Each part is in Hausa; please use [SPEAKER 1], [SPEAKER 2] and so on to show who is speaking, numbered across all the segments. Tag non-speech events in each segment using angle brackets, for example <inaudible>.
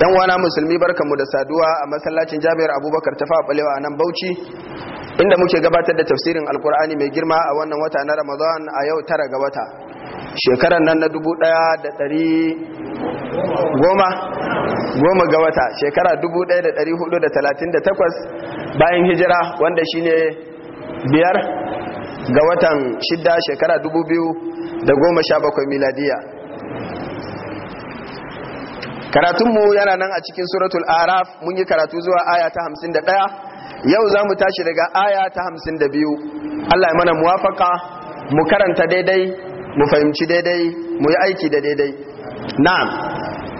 [SPEAKER 1] dan wana musulmi mu da saduwa a masallacin jami'ar abubakar tafa balewa a nan bauchi inda muke gabatar da tafsirin alkur'ani mai girma a wannan wata na ramadan a yau tara ga wata shekarar nan na dubu daya da dari goma goma ga wata shekara dubu daya da dari hudu da talatin da takwas bayan hijira wanda shine biyar ga watan shidda shekara dubu biyu da goma sha bakwai miladiya karatunmu yana nan a cikin suratul araf mun yi karatu zuwa aya ta hamsin da ɗaya yau za mu tashi daga aya ta hamsin da biyu allah ya mana muwafaka mu karanta daidai mu fahimci daidai mu yi aiki da daidai na'am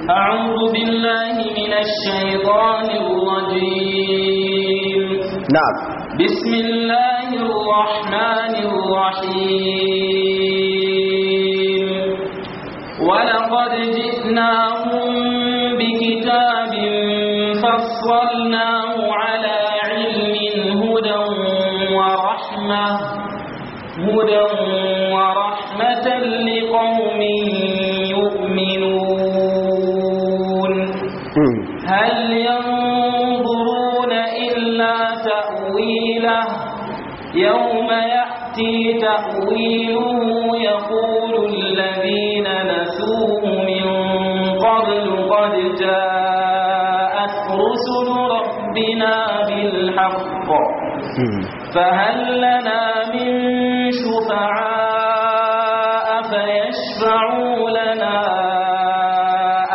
[SPEAKER 2] أعوذ بالله من الشيطان الرجيم نعم بسم الله الرحمن الرحيم ولقد جئناهم كتاب فصلناه على علم هدى ورحمة هدى ورحمة لقوم يؤمنون هل ينظرون إلا تأويله يوم يأتي تأويله فهل لنا من شفعاء فيشفعوا لنا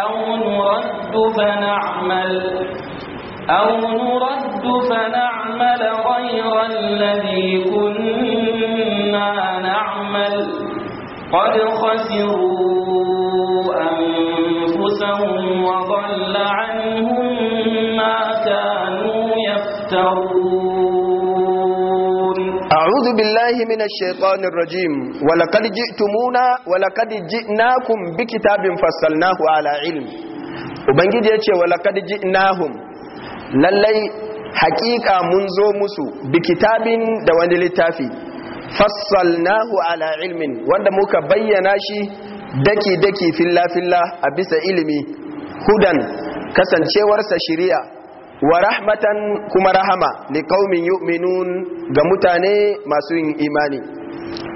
[SPEAKER 2] أو نرد فنعمل أو نرد فنعمل غير الذي كنا نعمل قد خسروا أنفسهم
[SPEAKER 1] أعوذ بالله من الشيطان الرجيم ولقد جئتمونا ولقد جئناكم بكتاب فصلناه على علم ubangiji yace ji ji'nahum lallai haƙiƙa mun zo musu bi kitabin da wani littafi fassalnahu ala ilmin wanda muka bayyana shi daki daki filla filla a bisa ilimi hudan kasancewarsa shiri'a. wa rahmatan kuma rahama li qaumin yu'minun ga mutane masu yin imani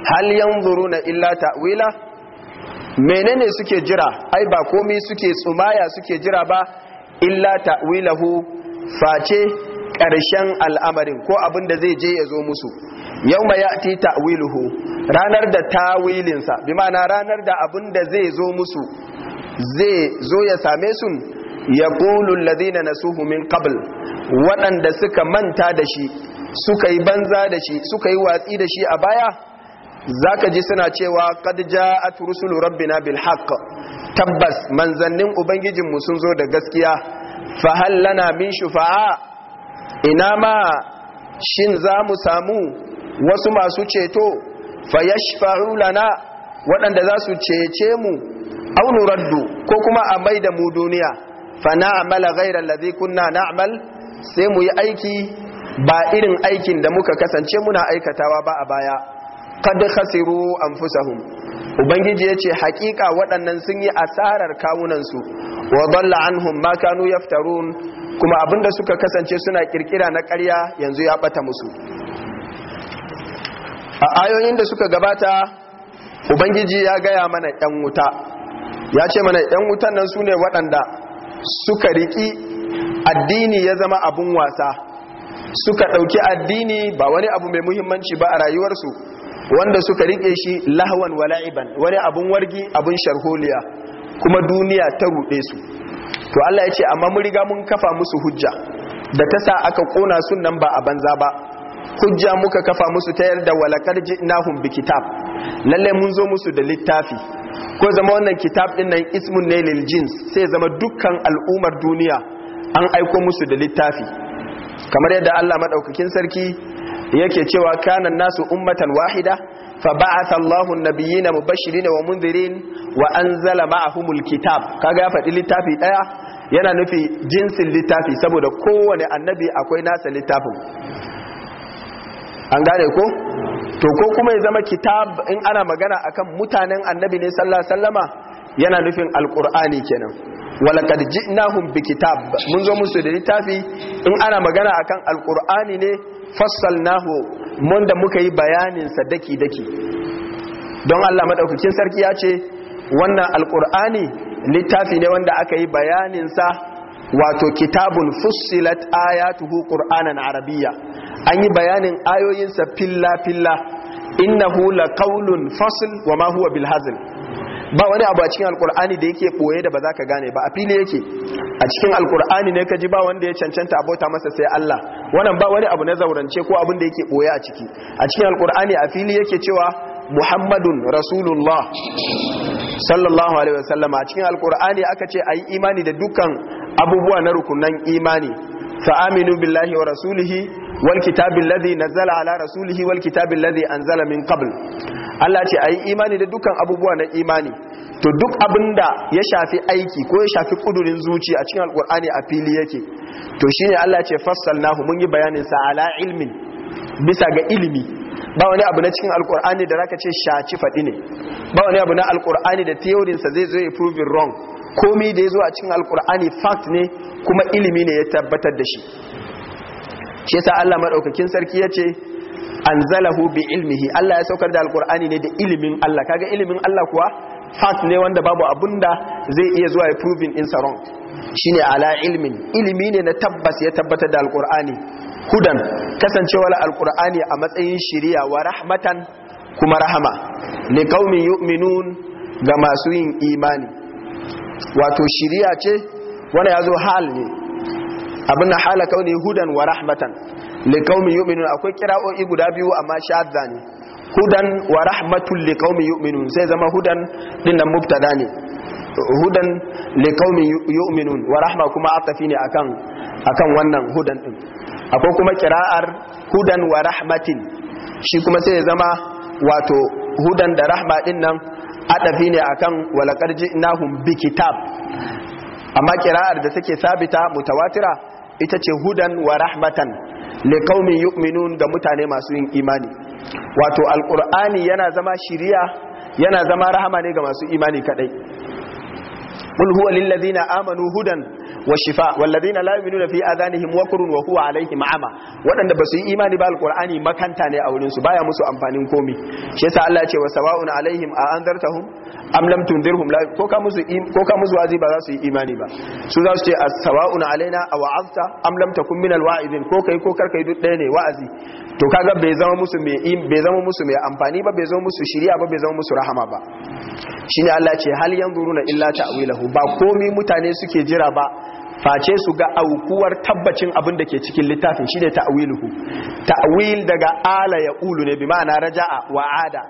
[SPEAKER 1] hal yanzuruna illa ta'wila menene suke jira ai ba komai suke tsumaya suke jira ba illa ta'wilahu face karshen al'amarin ko abin da zai je ya zo musu yau ma ya'ti ta'wiluhu ranar da tawilinsa bi ma'ana ranar da abin da zai zo musu zai zo ya same sun. yaqulu alladhina nasuhu min qabl waɗanda suka manta da shi suka yi banza da shi suka yi watsi da shi a baya zaka ji suna cewa qad ja'at rusulu rabbina bil haqq tabbas manzannin ubangijinmu sun zo da gaskiya fa hal lana min shufa'a ina ma shin za mu samu wasu masu ceto fa yashfa'u lana waɗanda za su cece mu aunu raddu ko kuma a mai da mu duniya fa Amala ghayra alladhi kunna na'mal sai mu yi aiki ba irin aikin da muka kasance muna aikatawa ba a baya qad khasiru anfusahum ubangiji yace hakika waɗannan sun yi asarar kawunan su wa dalla anhum ma kanu yaftarun kuma abinda suka kasance suna kirkira na ƙarya yanzu ya bata musu a ayoyin da suka gabata ubangiji ya gaya mana ƴan wuta ya ce mana yan wutan nan su ne waɗanda suka riki addini ya zama abun wasa suka ɗauki addini ba wani abu mai muhimmanci ba a rayuwarsu wanda suka rike shi lahwan wala'iban wani abun wargi abun sharholiya kuma duniya ta ruɗe su to Allah ya ce amma mun riga mun kafa musu hujja da ta sa aka kona sunan ba a banza ba hujja muka kafa musu ta yarda walakar ji'nahum bi kitab lalle mun zo musu da littafi ko zama wannan kitab din nan ismun ne lil jins sai zama dukkan al'ummar duniya an aiko musu da littafi kamar yadda Allah madaukakin sarki yake cewa kana nasu ummatan wahida فبعث الله wa مبشرين ومنذرين وانزل معهم الكتاب kaga ya faɗi littafi ɗaya yana nufi jinsin littafi saboda kowane annabi akwai nasa littafin an gane ko to ko kuma ya zama kitab in ana magana akan mutanen annabi ne sallallahu alaihi yana nufin alqur'ani kenan walaqad ji'nahum bikitab mun zo musu da littafi in ana magana akan alqur'ani ne fassalnahu mun da muka yi bayanin sa daki daki don Allah madaukakin sarki ya ce wannan alqur'ani littafi ne wanda aka yi bayanin sa wato kitabun fussilat ayatuhu qur'anan arabiyya an yi bayanin ayoyinsa filla filla innahu laqawlun fasl wa ma huwa bil ba wani abu a cikin alqur'ani da yake boye da ba za ka gane ba a fili yake a cikin alqur'ani ne ka ji ba wanda ya cancanta abota masa sai Allah wannan ba wani abu na zaurance ko abin da yake boye a ciki a cikin alqur'ani a fili yake cewa muhammadun rasulullah sallallahu alaihi wasallam a cikin alqur'ani aka ce ayi imani da dukan abubuwa na rukunan imani fa aminu billahi wa rasulihi wal kitabi ladhi nazzala ala rasulihi wal kitabi ladhi anzala min qabl Allah ce ayi imani da dukkan abubuwa na imani to duk abinda ya shafi aiki ko ya shafi kudurin zuci a cikin alkur'ani a fili yake to shine Allah ce fassalnahu mun yi bayanin sa ala ilmin bisa ga ilimi ba wani abu na cikin alkur'ani da raka ce shaci fadi ne ba wani abu na alkur'ani da theory zai zo ya prove wrong Komi da ya zo a cikin alkur'ani fact ne kuma ilimi ne ya tabbatar da shi shi yasa Allah madaukakin sarki ya ce anzalahu bi ilmihi Allah ya saukar da alkur'ani ne da ilimin Allah kaga ilimin Allah kuwa fact ne wanda babu abunda zai iya zuwa ya proving in sarong shine ala ilmin ilimi ne na tabbas ya tabbatar da alkur'ani hudan kasancewar alkur'ani a matsayin shiriya wa rahmatan kuma rahama li qaumin yu'minun ga masu yin imani wato shiriya ce wanda ya zo hal ne abin na hala ne hudan wa rahmatan yi yu'minun akwai kira'o'i guda biyu amma shadda ne hudan wa rahmatul yi yu'minun sai zama hudan dinnan da ne hudan yi yu'minun wa rahma kuma atafi ne akan wannan hudan din akwai kuma kira'ar hudan wa rahmatin shi kuma sai zama wato hudan da rahma dinnan nan adafi ne akan walakar jinahun bi kitab amma kira'ar da take sabita mutawatira ita ce hudan wa rahmatan kaumin yu'minun ga mutane masu yin imani wato alkur'ani yana zama shiriya yana zama rahama ne ga masu imani kadai qul huwa lil ladina amanu hudan wa shifa walladina la yu'minuna fi adanihim waqrun wa huwa alaihim ama wadanda basu yi imani ba alqur'ani makanta ne a wurin su baya musu amfanin komi shi yasa Allah ya ce wa sawa'un alaihim a anzartahum am lam tundirhum la ko ka musu ko ka musu wazi ba za su yi imani ba su za su ce as-sawa'un alaina aw azta am lam takun min al ko kai ko karkai duk ɗaya ne wa'azi to kaga bai zama musu mai bai zama musu mai amfani ba bai zama musu shiriya ba bai zama musu rahama ba shine Allah ya ce hal yanzuruna illa ta'wilahu ba komi mutane suke jira ba face su ga aukuwar tabbacin abin da ke cikin littafin shi ne ta'wiluhu ta'wil daga ala ya ulu ne bi ma'ana raja'a wa ada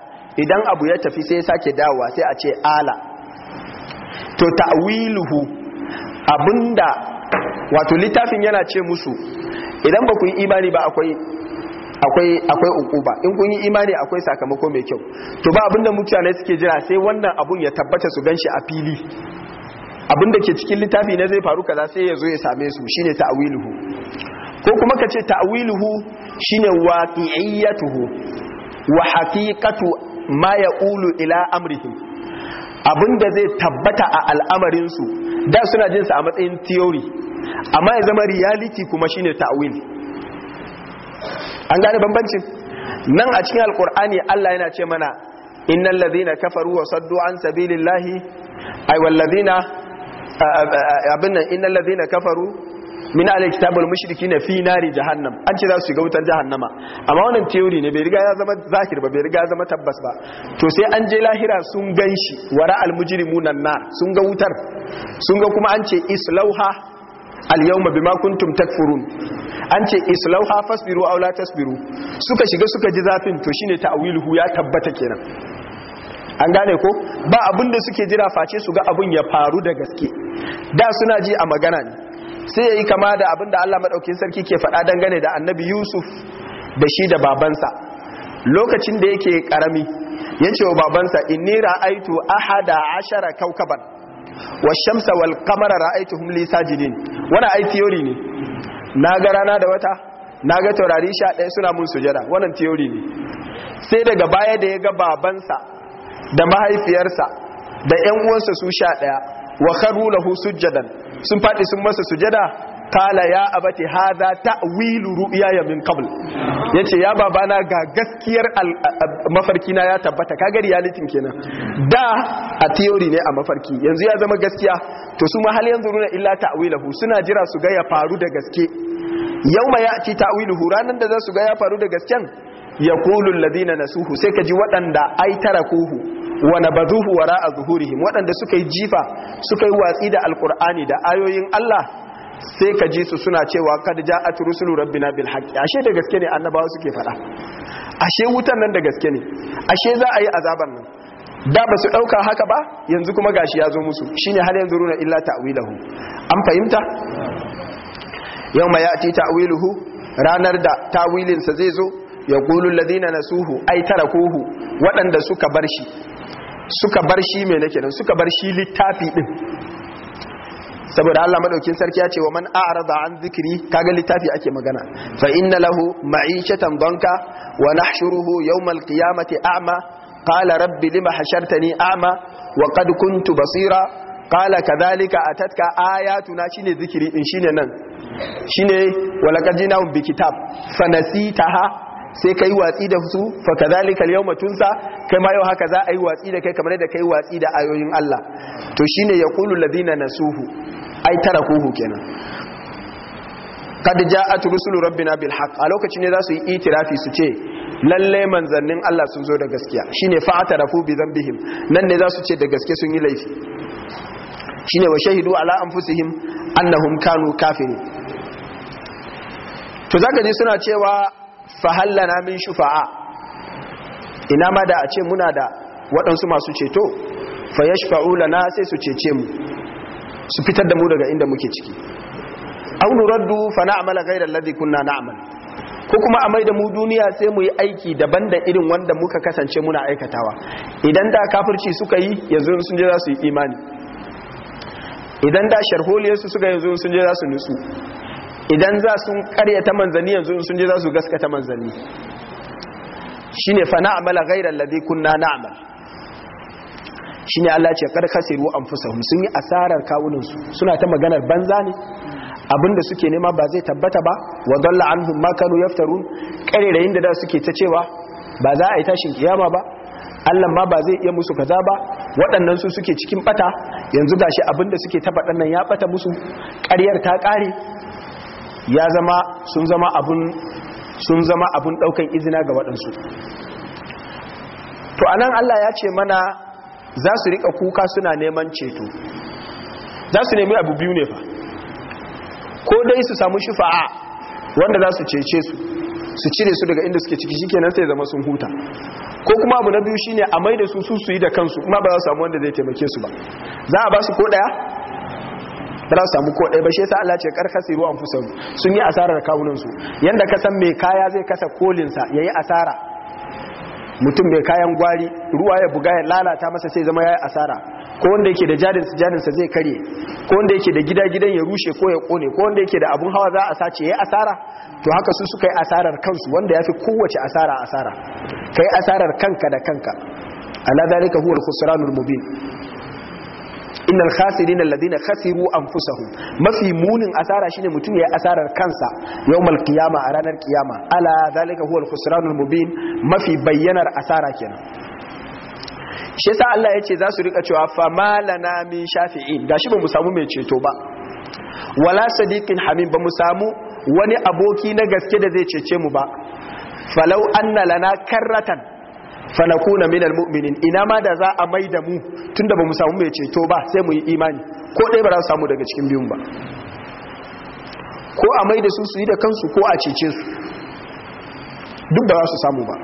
[SPEAKER 1] idan abu ya tafi sai sake dawowa sai a ce ala to ta'wiluhu abinda wato littafin yana ce musu idan ba ku yi imani ba akwai akwai akwai ukuba in kun yi imani akwai sakamako mai kyau to ba abinda mutane suke jira sai wannan abun ya tabbata su ganshi a fili abin ke cikin littafi na zai faru kaza sai ya zo ya same su shine ta'wiluhu ko kuma kace ta'wiluhu shine waqi'iyyatuhu wa haqiqatu ma yaqulu ila amrihim abinda zai tabbata a al'amarin su da suna jin sa a matsayin theory amma ya zama reality kuma shine ta'wil an gane bambanci nan a cikin alqur'ani Allah yana ce mana innal ladhina kafaru wa saddu an sabilillahi ay wal ladhina abin nan innal ladhina kafaru min ahli kitab wal mushrikin fi nari jahannam an ce za su ga wutar jahannama amma wannan theory ne bai riga ya zama zahir ba bai riga ya zama tabbas ba to sai an je lahira sun ganshi wara al mujrimuna nar sun ga wutar sun ga kuma an ce islauha al yawma bima kuntum takfurun an ce islauha fasbiru aw la tasbiru suka shiga suka ji zafin to shine ta'wiluhu ya tabbata kenan an gane ko ba abin da suke jira face su ga abin ya faru da gaske da suna ji a magana ne sai ya yi kama da abin da Allah maɗaukin sarki ke faɗa dangane da annabi Yusuf da shi da babansa lokacin da yake ƙarami ya ce wa babansa inni ra'aitu ahada ashara kaukaban wa shamsa wal qamara ra'aituhum li sajidin Wani ai theory ne na ga rana da wata na ga taurari sha ɗaya suna mun sujada wannan theory ne sai daga baya da ya ga babansa da mahaifiyarsa da yan uwansa su sha ɗaya wa kharu lahu sujjadan sun faɗi sun masa sujada kala ya abati hadha ta'wilu ya min qabl yace ya babana ga gaskiyar mafarki na ya tabbata kaga realitin kenan da a theory ne a mafarki yanzu ya zama gaskiya to su ma hal yanzu runa illa ta'wiluhu suna jira su ga ya faru da gaske yauma ya'ti ta'wiluhu ranan da za su ga ya faru da gasken yaqulu alladhina nasuhu sai ka ji waɗanda ai tarakuhu wa nabaduhu wara'a zuhurihim waɗanda suka yi jifa suka yi watsi da alkur'ani da ayoyin Allah sai ka ji su suna cewa kad ja'at rusulu rabbina bil haqqi ashe da gaske ne annabawa suke fada ashe wutan nan da gaske ne ashe za a yi azaban nan da ba su dauka haka ba yanzu kuma gashi ya zo musu shine har yanzu runa illa ta'wiluhu an fahimta yawma ya'ti ta'wiluhu ranar da tawilinsa zai zo ya ƙulu ladina na suhu ai tara waɗanda suka bar shi suka bar shi mai na nan suka bar shi littafi din saboda Allah maɗaukin sarki ya ce wa man a'rada an zikiri kaga littafi ake magana fa inna lahu ma'ishatan banka. wa nahshuruhu yawmal qiyamati a'ma qala rabbi lima hashartani a'ma wa qad kuntu basira qala kadhalika atatka ayatuna shine zikiri din shine nan shine walaqad jinahum bi kitab fanasitaha sai ka yi watsi da su fa kadhalika al-yawma tunsa kai ma yau haka za a yi watsi da kai kamar yadda kai watsi da ayoyin Allah to shine yaqulu na nasuhu ai tarakuhu kenan kad ja'at rusulu rabbina bil haqq a lokacin ne za su yi itirafi su ce lalle manzannin Allah sun zo da gaskiya shine rafu bi zambihim nan ne za su ce da gaske sun yi laifi shine wa shahidu ala anfusihim annahum kanu kafirin to zaka ji suna cewa fahallana min shufa'a ina ma da a ce muna da waɗansu masu ceto fa ula lana sai su cece mu su fitar da mu daga inda muke ciki an nuraddu fa amala gairar alladhi kunna na'mal ko kuma a mai da mu duniya sai mu yi aiki daban da irin wanda muka kasance muna aikatawa idan da kafirci suka yi yanzu sun je za su yi imani idan da sharholiyarsu suka yanzu sun je za su nutsu idan za sun ta manzanni yanzu sun je za su gaskata manzanni ne fa na'amala ghayra alladhi kunna shi ne Allah ce kar kasiru anfusahum sun yi asarar kawuninsu suna ta maganar banza ne abinda suke nema ba zai tabbata ba wa dalla hun ma ya fitaru Kare da da suke ta cewa ba za a yi tashin kiyama ba Allah ma ba zai iya musu kaza ba waɗannan su suke cikin bata yanzu gashi abinda suke ta ɗannan ya bata musu ƙaryar ta ƙare ya zama sun zama abun sun zama abun daukan izina ga waɗansu to anan Allah ya ce mana za su rika kuka suna neman ceto za su nemi abu biyu ne fa ko dai su samu shufa'a wanda za su cece su su cire su daga inda suke ciki shikenan sai zama sun huta ko kuma abu na biyu shine a maida su su su yi da kansu kuma ba za su samu wanda zai taimake su ba za a ba su ko daya ba za su samu ko ɗaya ba shi yasa Allah ce kar kasiru an sun yi asarar kawunan su yanda ka san mai kaya zai kasa kolin sa yayi asara mutum mai kayan gwari ruwa ya buga ya lalata masa sai zama yayi asara ko wanda yake da jarin su jarin sa zai kare ko wanda yake da gida gidan ya rushe ko ya kone ko wanda yake da abun hawa za a sace yayi asara to haka su suka yi asarar kansu wanda yafi kowace asara asara kai asarar kanka da kanka ala zalika huwa al-khusranul mubin innal khasirin alladhina khasiru anfusahum mafi munin asara shine mutum ya asarar kansa yawmal qiyama a ranar kiyama ala zalika huwal khusranul mubin mafi bayyanar asara kenan shi yasa Allah yace za su rika cewa fa malana min shafi'in gashi ba mu samu mai ceto ba wala sadiqin hamim ba mu samu wani aboki na gaske da zai cece mu ba falau anna lana karratan fanakuna minal mu'minin ina ma da za a mai da mu tunda ba mu samu mai ceto ba sai mu yi imani ko ɗaya ba za su samu daga cikin biyun ba ko a mai da su su yi da kansu ko a cece su duk ba za su samu ba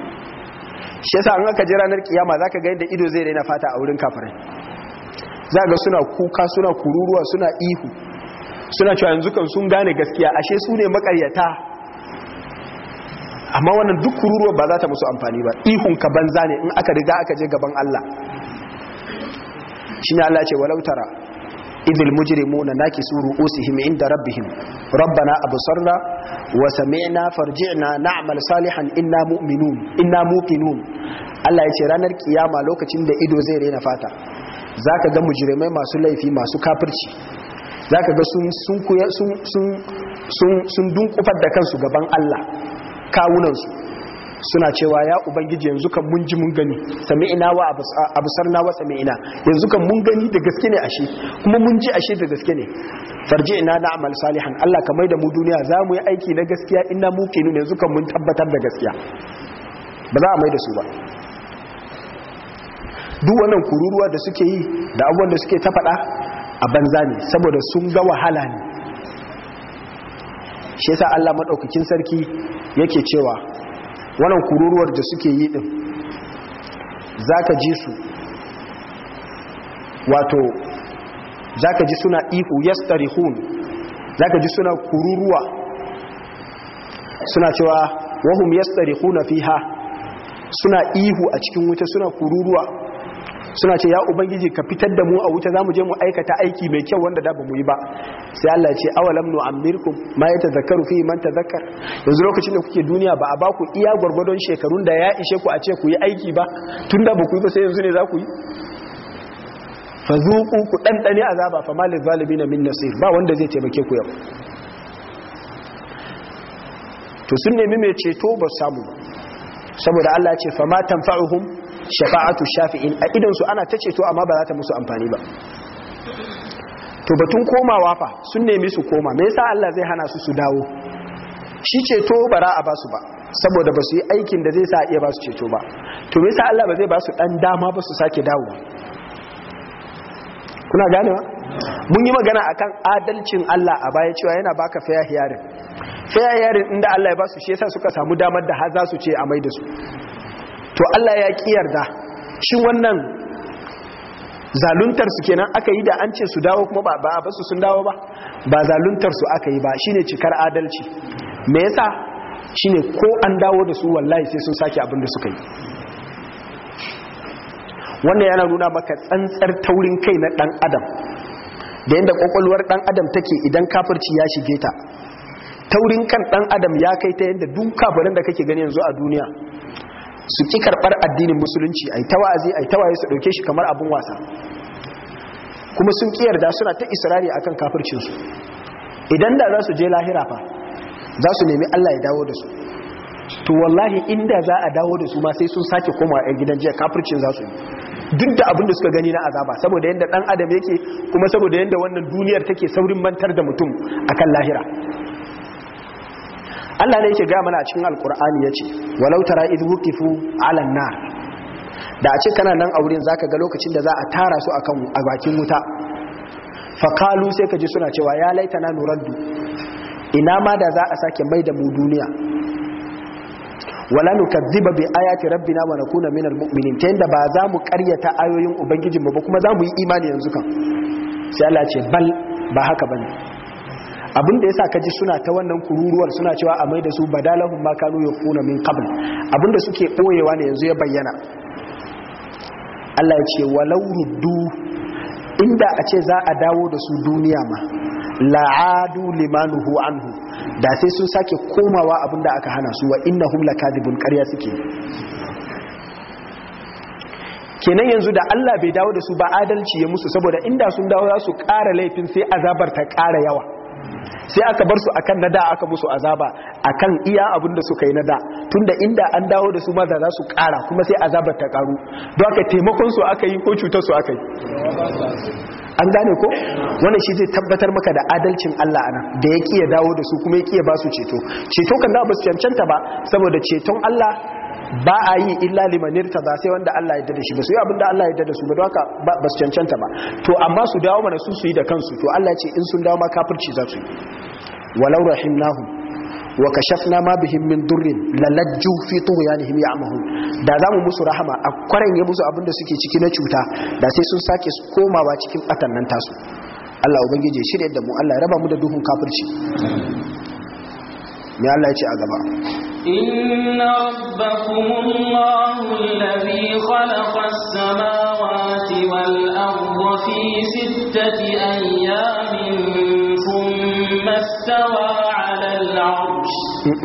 [SPEAKER 1] shi yasa an aka je ranar kiyama zaka ga yadda ido zai daina fata a wurin kafirai za ga suna kuka suna kururuwa suna ihu suna cewa yanzu kan sun gane gaskiya ashe su ne makaryata amma wannan duk kururuwa ba za ta musu amfani ba ihun ka banza ne in aka riga aka je gaban Allah shine Allah ce walau tara idil mujrimuna suru usihim inda rabbihim rabbana absarna wa sami'na farji'na na'mal salihan inna mu'minun inna muqinun Allah ya ce ranar kiyama lokacin da ido zai rena fata zaka ga mujrimai masu laifi masu kafirci zaka ga sun sun dunkufar da kansu gaban Allah kawunansu suna cewa ya ubangiji yanzu kan mun ji mun gani sami'ina wa na wa sami'ina yanzu kan mun gani da gaske ne ashe kuma mun ji ashe da gaske ne farji ina na amal salihan Allah ka maida mu duniya za mu yi aiki na gaskiya ina muke yanzu kan mun tabbatar da gaskiya ba za a maida su ba duk wannan kururuwa da suke yi da abubuwan da suke ta faɗa a banza ne saboda sun ga wahala ne shi yasa Allah madaukakin sarki yake cewa wannan kururuwar da suke yi din zaka ji su wato zaka ji suna ihu yastarihun zaka ji suna kururuwa suna cewa wahum yastarihuna fiha suna ihu a cikin wuta suna kururuwa suna ce ya ubangiji ka fitar da mu a wuta zamu je mu aikata aiki mai kyau wanda da bamu yi ba sai Allah ya ce awalam nu amirkum ma yatazakkaru fi man tazakkar yanzu lokacin da kuke duniya ba a ba ku iya gwargwadon shekarun da ya ishe ku a ce ku yi aiki ba tunda ba ku yi ba sai yanzu ne za ku yi fazuku ku ku dandane azaba fa malil zalimin min nasir ba wanda zai taimake ku yau to sun nemi mai ceto ba samu saboda Allah ce fa ma tanfa'uhum shafa'atu shafi'in a idan su ana ta ceto amma ba za ta musu amfani ba to batun komawa fa sun nemi su koma me yasa Allah zai hana su su dawo shi ceto bara a basu ba saboda ba su yi aikin da zai sa iya ba su ceto ba to me yasa Allah ba zai ba su dan dama ba su sake dawo kuna gane ba mun yi magana akan adalcin Allah a baya cewa yana baka fair hearing fair hearing inda Allah ya ba su shi yasa suka samu damar da har za su ce a mai da su to Allah ya ki yarda shin wannan zaluntar su kenan aka yi da an ce su dawo kuma ba ba basu sun dawo ba ba zaluntar su aka yi ba shine cikar adalci me yasa shine ko an dawo da su wallahi sai sun sake abin da suka yi wannan yana nuna maka tsantsar taurin kai na dan adam da yanda kwakwalwar dan adam take idan kafirci ya shige ta taurin kan dan adam ya kai ta yanda duk kafirin da kake gani yanzu a duniya su ki karɓar addinin musulunci ai ta ai ta su ɗauke shi kamar abin wasa kuma sun ki yarda suna ta israri akan su. idan da za su je lahira fa za su nemi Allah ya dawo da su to wallahi inda za a dawo da su ma sai sun sake komawa a gidan jiya kafircin za su yi duk da abin da suka gani na azaba saboda yadda dan adam yake kuma saboda yadda wannan duniyar take saurin mantar da mutum akan lahira Allah ne yake ga mana a cikin alkur'ani yace walau tara idh wuqifu 'ala nar da a ce kana nan a wurin zaka ga lokacin da za a tara su akan a bakin wuta Fakalu sai kaji suna cewa ya laitana nuraddu ina ma da za a sake mai da mu duniya wala nukadhiba bi ayati rabbina wa nakuna minal mu'minin ta inda ba za mu karyata ayoyin ubangijinmu ba kuma za mu yi imani yanzu kan sai Allah ce bal ba haka bane abin da yasa kaji suna ta wannan kururuwar suna cewa a mai da su badalahum ma kanu yaquna min qabl abin da suke boyewa ne yanzu ya bayyana Allah ya ce walau ruddu inda a ce za a dawo da su duniya ma la'adu limanuhu anhu da sai sun sake komawa abin aka hana su wa innahum lakadibun qarya suke kenan yanzu da Allah bai dawo da su ba adalci ya musu saboda inda sun dawo za su ƙara laifin sai azabar ta ƙara yawa sai aka bar su akan nada aka musu azaba akan iya abin da suka yi nada tunda inda an dawo da su ma za su kara kuma sai azabar ta karu don aka taimakon su aka yi ko cutar su aka yi an gane ko wannan shi zai tabbatar maka da adalcin Allah anan da ya kiya dawo da su kuma ya kiya ba su ceto ceto kan da ba su cancanta ba saboda ceton Allah ba a yi illa limanir ta za sai wanda Allah ya dada shi ba su yi abinda Allah ya dada su ba haka ba su cancanta ba to amma su dawo mana su su yi da kansu to Allah ce in sun dawo ma kafirci za su yi walau nahu wa kashafna ma bihim min durrin lalajju fi tughyanihim ya'mahun da za mu musu rahama a kwaren ya musu abinda suke ciki na cuta da sai sun sake komawa cikin batan nan tasu Allah ubangije shirye da mu Allah ya raba da duhun kafirci me Allah ya ce a gaba
[SPEAKER 2] إن ربكم الله الذي خلق السماوات والأرض في ستة أيام ثم استوى على العرش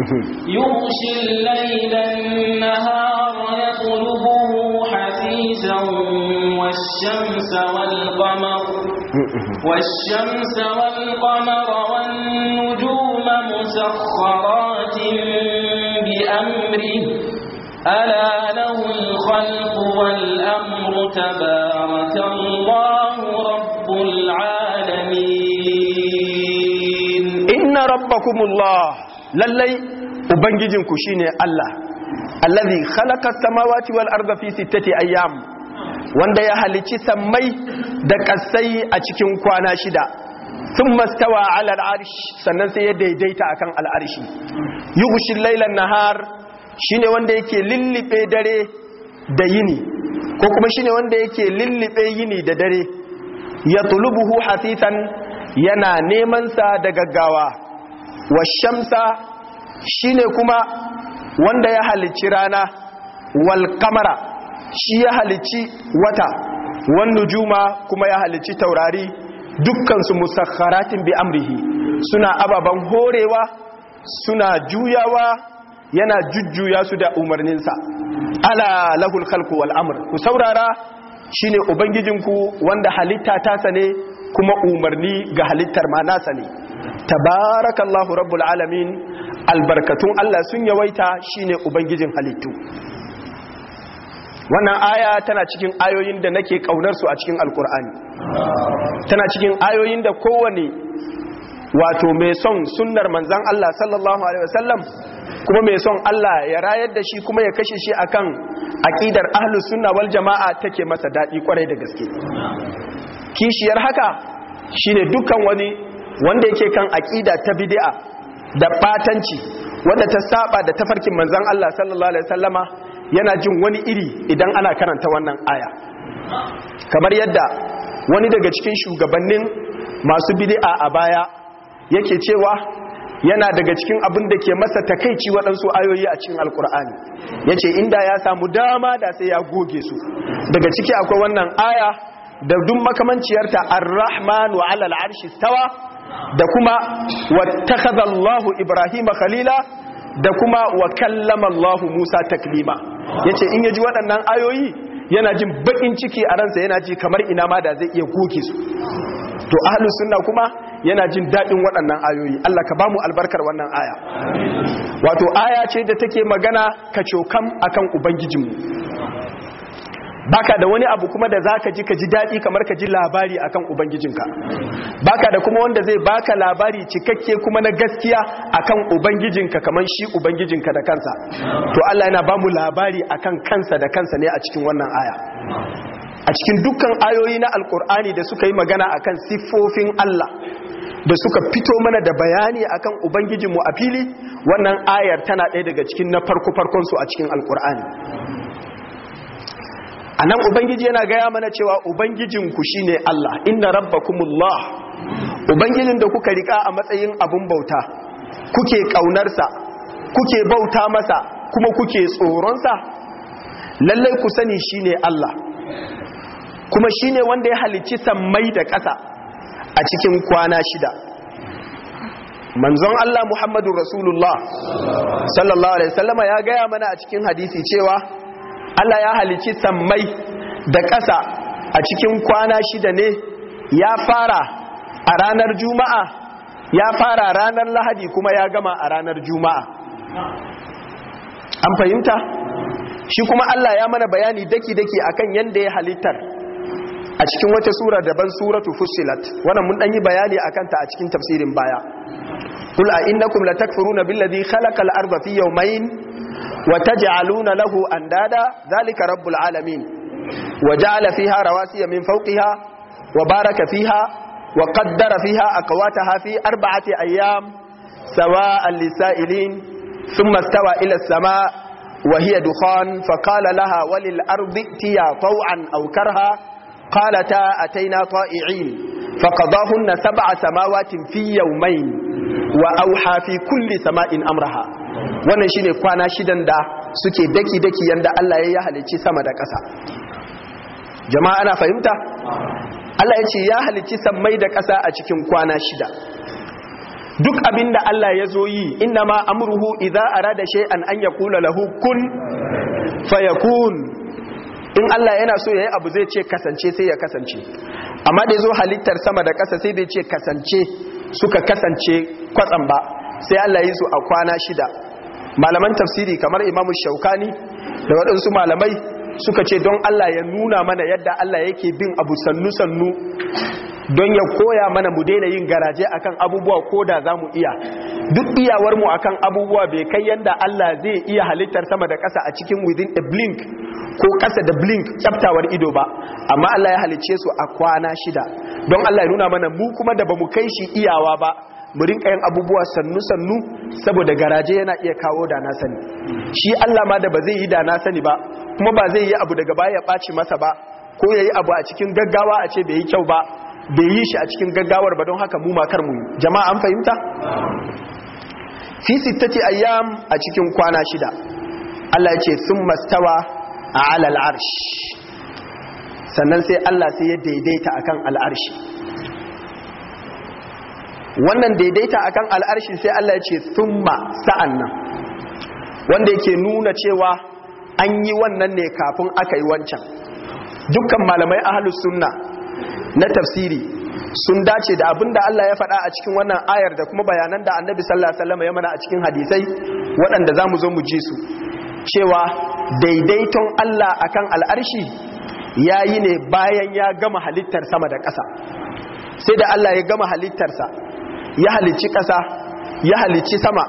[SPEAKER 2] <laughs> يغشي الليل النهار يطلبه حثيثا والشمس والقمر <laughs> والشمس والقمر والنجوم مسخرات أمره ألا له الخلق والأمر تبارك الله رب العالمين
[SPEAKER 1] إن ربكم الله للي أبنججنكو شيني الله الذي خلق السماوات والأرض في ستة أيام wanda ya halici sammai da kasai a cikin kwana shida sun mastawa alal arshi sannan sai ya daidaita akan al'arshi yi gushin lailan nahar shine wanda yake lillife dare da yini ko kuma shine wanda yake lillife yini da dare ya tulubuhu hasitan yana neman sa da gaggawa washamsa shine kuma wanda ya halicci rana wal kamara shi ya halicci wata Wannan juma kuma ya halicci taurari dukkansu musakharatin bi amrihi suna ababan horewa suna juyawa yana jujjuya su da umarninsa ala lahul khalqu wal amr ku saurara shine ubangijinku wanda halitta ta sane kuma umarni ga halittar ma nasa ne tabarakallahu rabbul alamin albarkatun Allah sun yawaita shine ubangijin halittu wannan aya tana cikin ayoyin da nake kaunar su a cikin alkur'ani tana cikin ayoyin da kowane wato mai son sunnar manzan Allah sallallahu alaihi wasallam kuma mai son Allah ya rayar da shi kuma ya kashe shi akan aqidar ahlus sunna wal jama'a take masa daɗi kwarai da gaske kishiyar haka shine dukkan wani wanda yake kan aqida ta bid'a da batanci wanda ta saba da tafarkin manzon Allah sallallahu alaihi wasallama yana jin wani iri idan ana karanta wannan aya kamar yadda wani daga cikin shugabannin masu bid'a a baya yake cewa yana daga cikin abin da ke masa takaici waɗansu ayoyi a cikin alkur'ani ya ce inda ya samu dama da sai ya goge su daga ciki akwai wannan aya da duk makamanciyarta ta rahmanu arshi tawa da kuma wattakhadha ibrahima Ibrahim khalila da kuma wa kallama allah Musa taklima yace in yaji waɗannan ayoyi yana jin bakin ciki a ransa yana ji kamar ina ma da zai iya goge su to ahlus sunna kuma yana jin daɗin waɗannan ayoyi Allah ka bamu albarkar wannan aya wato aya ce da take magana kacokan akan ubangijinmu baka da wani abu kuma da zaka ji ka ji daɗi kamar ka ji labari akan ubangijinka baka da kuma wanda zai baka labari cikakke kuma na gaskiya akan ubangijinka kamar shi ubangijinka da kansa to Allah yana bamu labari akan kansa da kansa ne a cikin wannan aya a cikin dukkan ayoyi na alkur'ani da suka yi magana akan siffofin Allah da suka fito mana da bayani akan ubangijinmu a fili wannan ayar tana ɗaya daga cikin na farko farkon su a cikin alkur'ani a nan ubangiji yana gaya mana cewa ubangijin ubangijinku ne Allah inna kumullah ubangijin da kuka rika a matsayin abun bauta kuke kaunarsa kuke bauta masa kuma kuke tsoronsa lallai ku sani shi ne Allah kuma shi ne wanda ya halicci sammai da ƙasa a cikin kwana shida manzon Allah Muhammadu Rasulullah sallallahu alaihi wasallama ya gaya mana a cikin hadisi cewa Allah ya halici sammai da ƙasa a cikin kwana shida ne ya fara a ranar juma'a ya fara ranar lahadi kuma ya gama a ranar juma'a an fahimta shi kuma Allah ya mana bayani daki-daki akan yadda ya halittar a cikin wata sura daban suratu fusilat wannan mun yi bayani akan ta a cikin tafsirin baya kul a innakum latakfuruna billadhi khalaqal arda fi yawmayn وتجعلون له اندادا ذلك رب العالمين وجعل فيها رواسي من فوقها وبارك فيها وقدر فيها اقواتها في اربعه ايام سواء للسائلين ثم استوى الى السماء وهي دخان فقال لها وللارض ائتيا طوعا او كرها قالتا اتينا طائعين فقضاهن سبع سماوات في يومين وأوحى في كل سماء أمرها wannan shine kwana shidan da suke daki daki yanda Allah ya halicci sama da ƙasa jama'a ana fahimta Allah ya ce ya halicci sammai da ƙasa a cikin kwana shida duk abinda Allah ya zo yi inna ma amruhu idza arada shay'an an yaqula lahu kun fayakun in Allah yana so ya yi abu zai ce kasance sai ya kasance amma da zo halittar sama da ƙasa sai bai ce kasance suka kasance kwatsam ba sai Allah yi su a kwana shida malaman tafsiri kamar imamu Shaukani da waɗansu malamai suka ce don Allah ya nuna mana yadda Allah yake bin abu sannu sannu don ya koya mana mu daina yin garaje akan abubuwa ko da za mu iya duk iyawar mu akan abubuwa bai kai yanda Allah zai iya halittar sama da kasa a cikin within a blink ko ƙasa da blink kyaftawar ido ba amma Allah ya halicce su a kwana shida don Allah ya nuna mana mu kuma da bamu kai shi iyawa ba mu rinka yin abubuwa sannu sannu saboda garaje yana iya kawo da na sani shi Allah ma da ba zai yi da na sani ba kuma ba zai yi abu daga baya ya ɓaci masa ba ko ya yi abu a cikin gaggawa a ce bai yi kyau ba bai yi shi a cikin gaggawar ba don haka mu makar mu jama'a an fahimta fi sittati ayyam a cikin kwana shida Allah ya ce sun mastawa a al sannan sai Allah sai ya daidaita akan al al'arshi. wannan daidaita akan al al'arshi sai Allah ya ce sa'an sa'annan wanda yake nuna cewa an yi wannan ne kafin aka yi wancan dukkan malamai ahlus sunna na tafsiri sun dace da abinda Allah ya faɗa a cikin wannan ayar da kuma bayanan da annabi sallallahu alaihi wasallam ya mana a cikin hadisai waɗanda zamu zo mu ji su cewa daidaiton Allah akan al'arshi yayi ne bayan ya gama halittar sama da ƙasa sai da Allah ya gama halittarsa ya halicci ƙasa ya halicci sama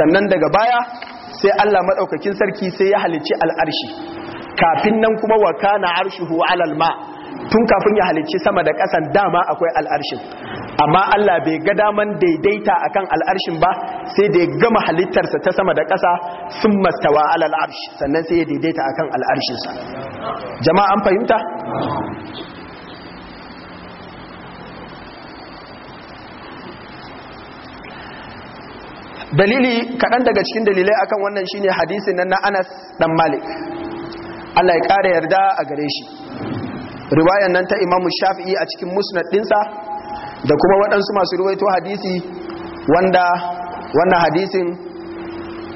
[SPEAKER 1] sannan daga baya sai Allah madaukakin sarki sai ya halicci al'arshi kafin nan kuma wa kana arshuhu alal ma' tun kafin ya halicci sama da ƙasan dama akwai al'arshin amma Allah bai ga daman daidaita akan al'arshin ba sai da ya gama halittarsa ta sama da ƙasa sun mastawa alal sannan sai ya daidaita akan al'arshinsa jama'a an fahimta dalili kaɗan daga cikin dalilai akan wannan shine hadisin nan na anas dan malik allah ya ƙara yarda a gare shi riwayan nan ta imamu shafi'i a cikin musnad dinsa da kuma waɗansu masu ruwaito hadisi wanda wannan hadisin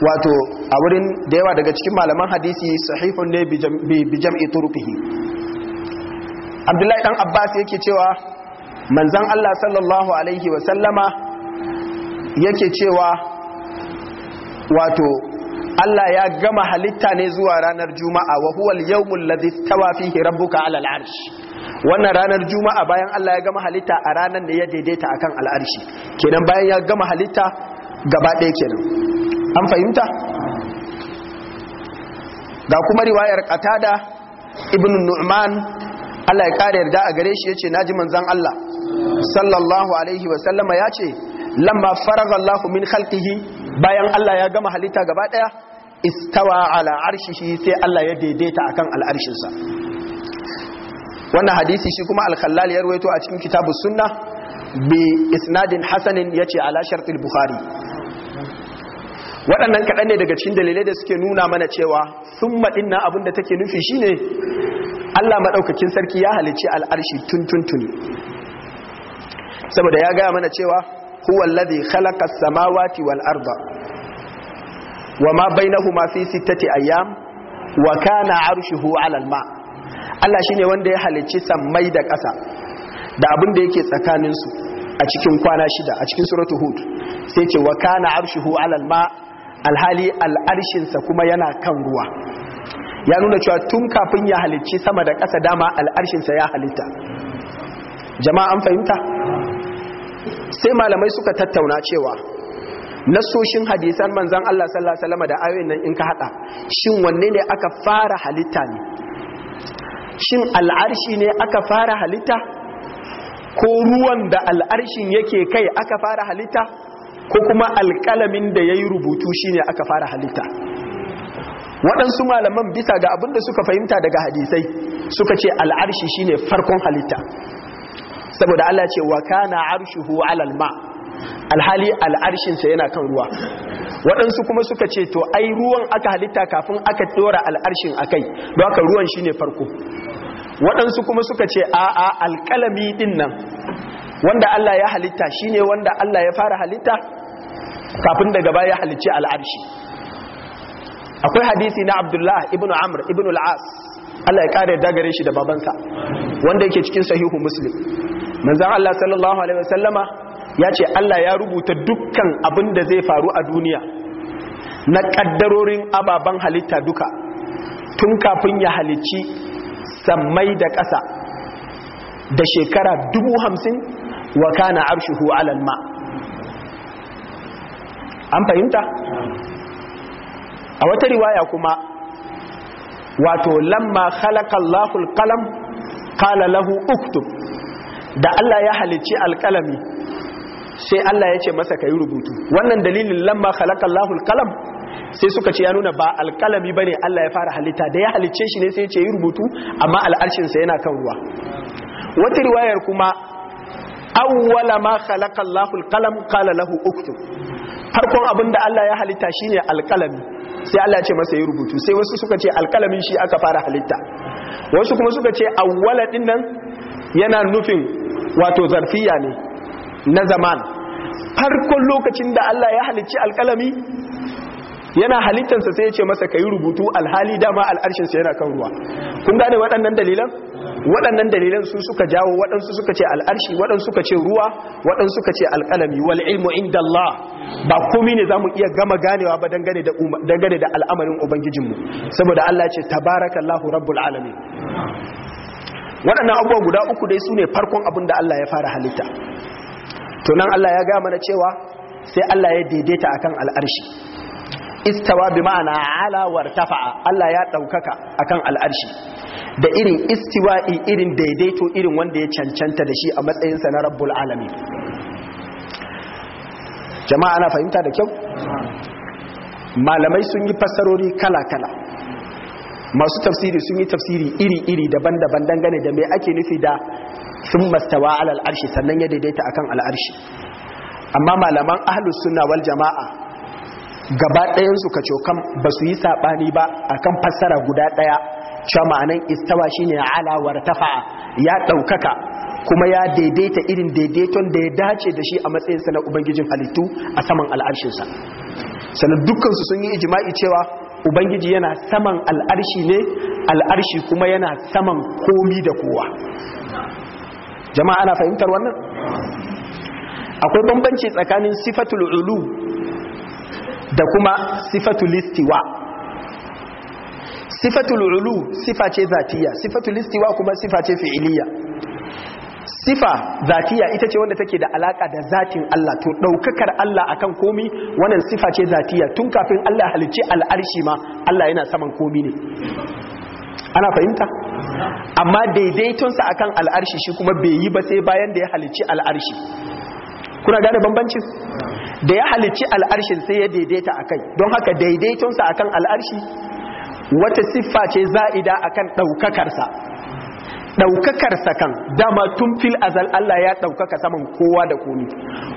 [SPEAKER 1] wato a wurin da yawa daga cikin malaman hadisi sahifun ne bi jam'i turfihi abdullahi dan abbas yake cewa manzan allah sallallahu alaihi wasallama yake cewa wato Allah ya gama halitta ne zuwa ranar juma'a wa huwa al-yawmul ladhi tawa fihi rabbuka 'ala al-'arsh wannan ranar juma'a bayan Allah ya gama halitta a ranar da ya daidaita akan al arsh kenan bayan ya gama halitta gaba ɗaya kenan an fahimta ga kuma riwayar qatada ibn nu'man Allah ya kare yarda a gare shi yace naji manzon Allah sallallahu alaihi wa sallama yace lamma faragha Allahu min khalqihi bayan Allah ya gama halitta gaba daya istawa ala shi sai Allah ya daidaita akan al'arshinsa wannan hadisi shi kuma al-khallal ya rawaito a cikin kitabus sunna bi isnadin hasanin yace ala shartil bukhari waɗannan kaɗan ne daga cikin dalilai da suke nuna mana cewa sun maɗin na abin da take nufi ne? allah maɗaukakin sarki ya halicci al'arshi tun tun tuni saboda ya gaya mana cewa huwa alladhi khalaqa as-samawati wal arda wama bainahuma fi sittati ayyam wa kana Allah shine wanda ya halicci sammai da ƙasa da abin da yake tsakanin su a cikin kwana shida a cikin suratu hud sai ce wa kana arshuhu 'ala ma alhali al'arshinsa kuma yana kan ruwa ya nuna cewa tun kafin ya halicci sama da ƙasa dama al'arshinsa ya halitta jama'a an fahimta sai malamai suka tattauna cewa nasoshin hadisan manzan Allah sallallahu alaihi wasallam da ayoyin nan in ka hada shin wanne ne aka fara halitta ne shin al'arshi ne aka fara halitta ko ruwan da al'arshin yake kai aka fara halitta ko kuma alƙalamin da yayi rubutu shine aka fara halitta waɗansu malaman bisa ga abin da suka fahimta daga hadisai suka ce al'arshi shine farkon halitta saboda Allah ce wa kana arshuhu alal ma alhali al'arshin al'arshinsa yana kan ruwa waɗansu kuma suka ce to ai ruwan aka halitta kafin aka ɗora al'arshin a kai don aka ruwan shine farko waɗansu kuma suka ce a'a alƙalami ɗin nan wanda Allah ya halitta shine wanda Allah ya fara halitta kafin daga baya ya halicci al'arshi akwai hadisi na abdullah ibn amr ibn al-As Allah ya kare dagare shi da babansa wanda yake cikin sahihu muslim manzan Allah sallallahu alaihi wasallama ya ce Allah ya rubuta dukkan abin da zai faru a duniya na ƙaddarorin ababen halitta duka tun kafin ya halicci sammai da ƙasa da shekara dubu hamsin wa kana arshuhu alal ma an fahimta a wata riwaya kuma wato lamma khalaqa Allahul qalam qala lahu uktub da Allah ya halicci alkalami sai Allah ya ce masa ka yi rubutu wannan dalilin lamma khalaqallahu alqalam sai suka ce ya nuna ba alkalami bane Allah ya fara halitta da ya halicce shi ne sai ya ce yi rubutu amma al'arshin yana kan ruwa wata riwayar kuma awwala ma khalaqallahu alqalam qala lahu uktub farkon abinda Allah ya halitta shine alkalami sai Allah ce masa yi rubutu sai wasu suka ce alkalamin shi aka fara halitta wasu kuma suka ce awwala din yana nufin wato zarfiya ne na zaman farkon lokacin da Allah ya halicci alkalami yana halittansa sai ya ce masa kayi rubutu alhali dama al'arshinsa yana kan ruwa kun gane waɗannan dalilan waɗannan dalilan su suka jawo waɗansu suka ce al'arshi waɗansu suka ce ruwa waɗansu suka ce alƙalami wal ilmu inda Allah ba komai ne zamu iya gama ganewa ba dangane da dangane da al'amarin ubangijinmu saboda Allah ya ce tabarakallahu rabbul alamin waɗannan abubuwa guda uku dai su ne farkon abin da Allah ya fara halitta to nan Allah ya gaya mana cewa sai Allah ya daidaita akan al'arshi istawa bi ma'ana ala tafa'a. Allah ya ɗaukaka akan al'arshi da irin istiwa'i irin daidaito irin wanda ya cancanta da shi a matsayinsa na rabbul alami jama'a ana fahimta da kyau malamai sun yi fassarori kala-kala masu tafsiri sun yi tafsiri iri-iri daban-daban dangane da mai ake nufi da sun mastawa alal sannan ya daidaita akan al'arshi amma malaman ahalus suna wal jama'a gaba ɗayansu ka cokan ba su yi saɓani ba akan fassara guda ɗaya cewa ma'anan istawa shi ne ala tafa'a, ya ɗaukaka kuma ya daidaita irin daidaiton da ya dace da shi a matsayinsa na ubangijin halittu a saman al'arshinsa sannan dukkansu sun yi ijima'i cewa ubangiji yana saman al'arshi ne al'arshi kuma yana saman komi da kowa jama'a ana fahimtar wannan akwai bambanci tsakanin sifatul ulu da kuma sifatul istiwa sifatul ulu sifa ce zatiya sifatul istiwa kuma sifa ce fi'iliya sifa zatiya ita ce wanda take da alaka da zatin Allah to daukakar Allah akan komi wannan sifa ce zatiya tun kafin Allah halicci al'arshi ma Allah yana saman komi ne ana fahimta amma daidaitonsa akan al'arshi shi kuma bai yi ba sai bayan da ya halicci al'arshi kuna gane bambancin da ya halicci al'arshin sai ya daidaita akai don haka daidaitonsa akan al'arshi wata siffa ce za'ida akan ɗaukakarsa daukakar kan dama tun fil azal Allah ya daukaka saman kowa da komi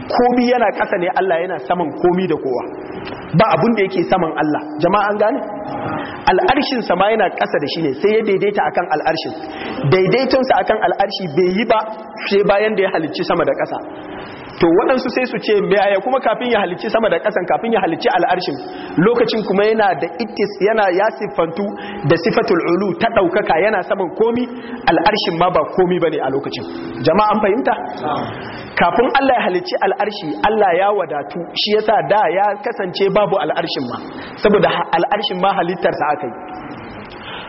[SPEAKER 1] komi yana kasa ne Allah yana saman komi da kowa ba abun da yake saman Allah jama'a an gane al'arshin sa ma yana kasa da shi ne sai ya daidaita akan al'arshin daidaiton sa akan al'arshi bai yi ba sai bayan da ya halicci sama da kasa to waɗansu sai su ce aya kuma kafin ya halicci sama da ƙasan kafin ya halicci al'arshin lokacin kuma yana da itis yana ya siffantu da sifatul ulu ta ɗaukaka yana saman komi al'arshin ma ba komi ba ne a lokacin jama'a an fahimta kafin allah ya halicci al'arshi allah ya wadatu shi yasa da ya kasance babu al'arshin ma saboda al'arshin ma halittarsa aka yi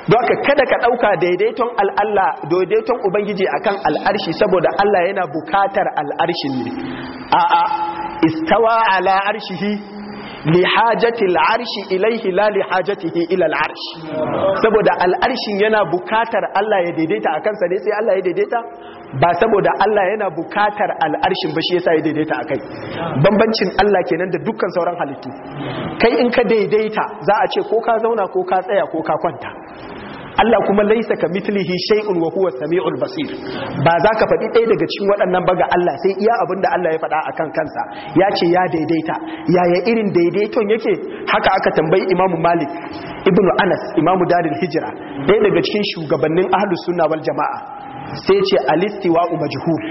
[SPEAKER 1] don haka kada ka ɗauka daidaiton al'alla daidaiton ubangiji akan al'arshi saboda Allah yana bukatar al'arshin ne a'a istawa ala arshihi lihajatil al’arshi ilaihi la lihajatihi ila al’arshi saboda al'arshin yana bukatar Allah ya daidaita a kansa ne sai Allah ya daidaita ba saboda Allah yana bukatar al'arshin ba shi yasa ya daidaita akai bambancin Allah kenan da dukkan sauran halittu kai in ka daidaita za a ce ko ka zauna ko ka tsaya ko ka kwanta Allah kuma laisa ka mitlihi shay'un wa huwa samiul basir ba za ka faɗi ɗaya daga cikin waɗannan ba ga Allah sai iya abin da Allah ya faɗa akan kansa ya ce ya daidaita yaya irin daidaiton yake haka aka tambayi Imam Malik Ibn Anas Imam Darul Hijra ɗaya daga cikin shugabannin ahlus sunna wal jama'a sai ce alistiwa'u majhul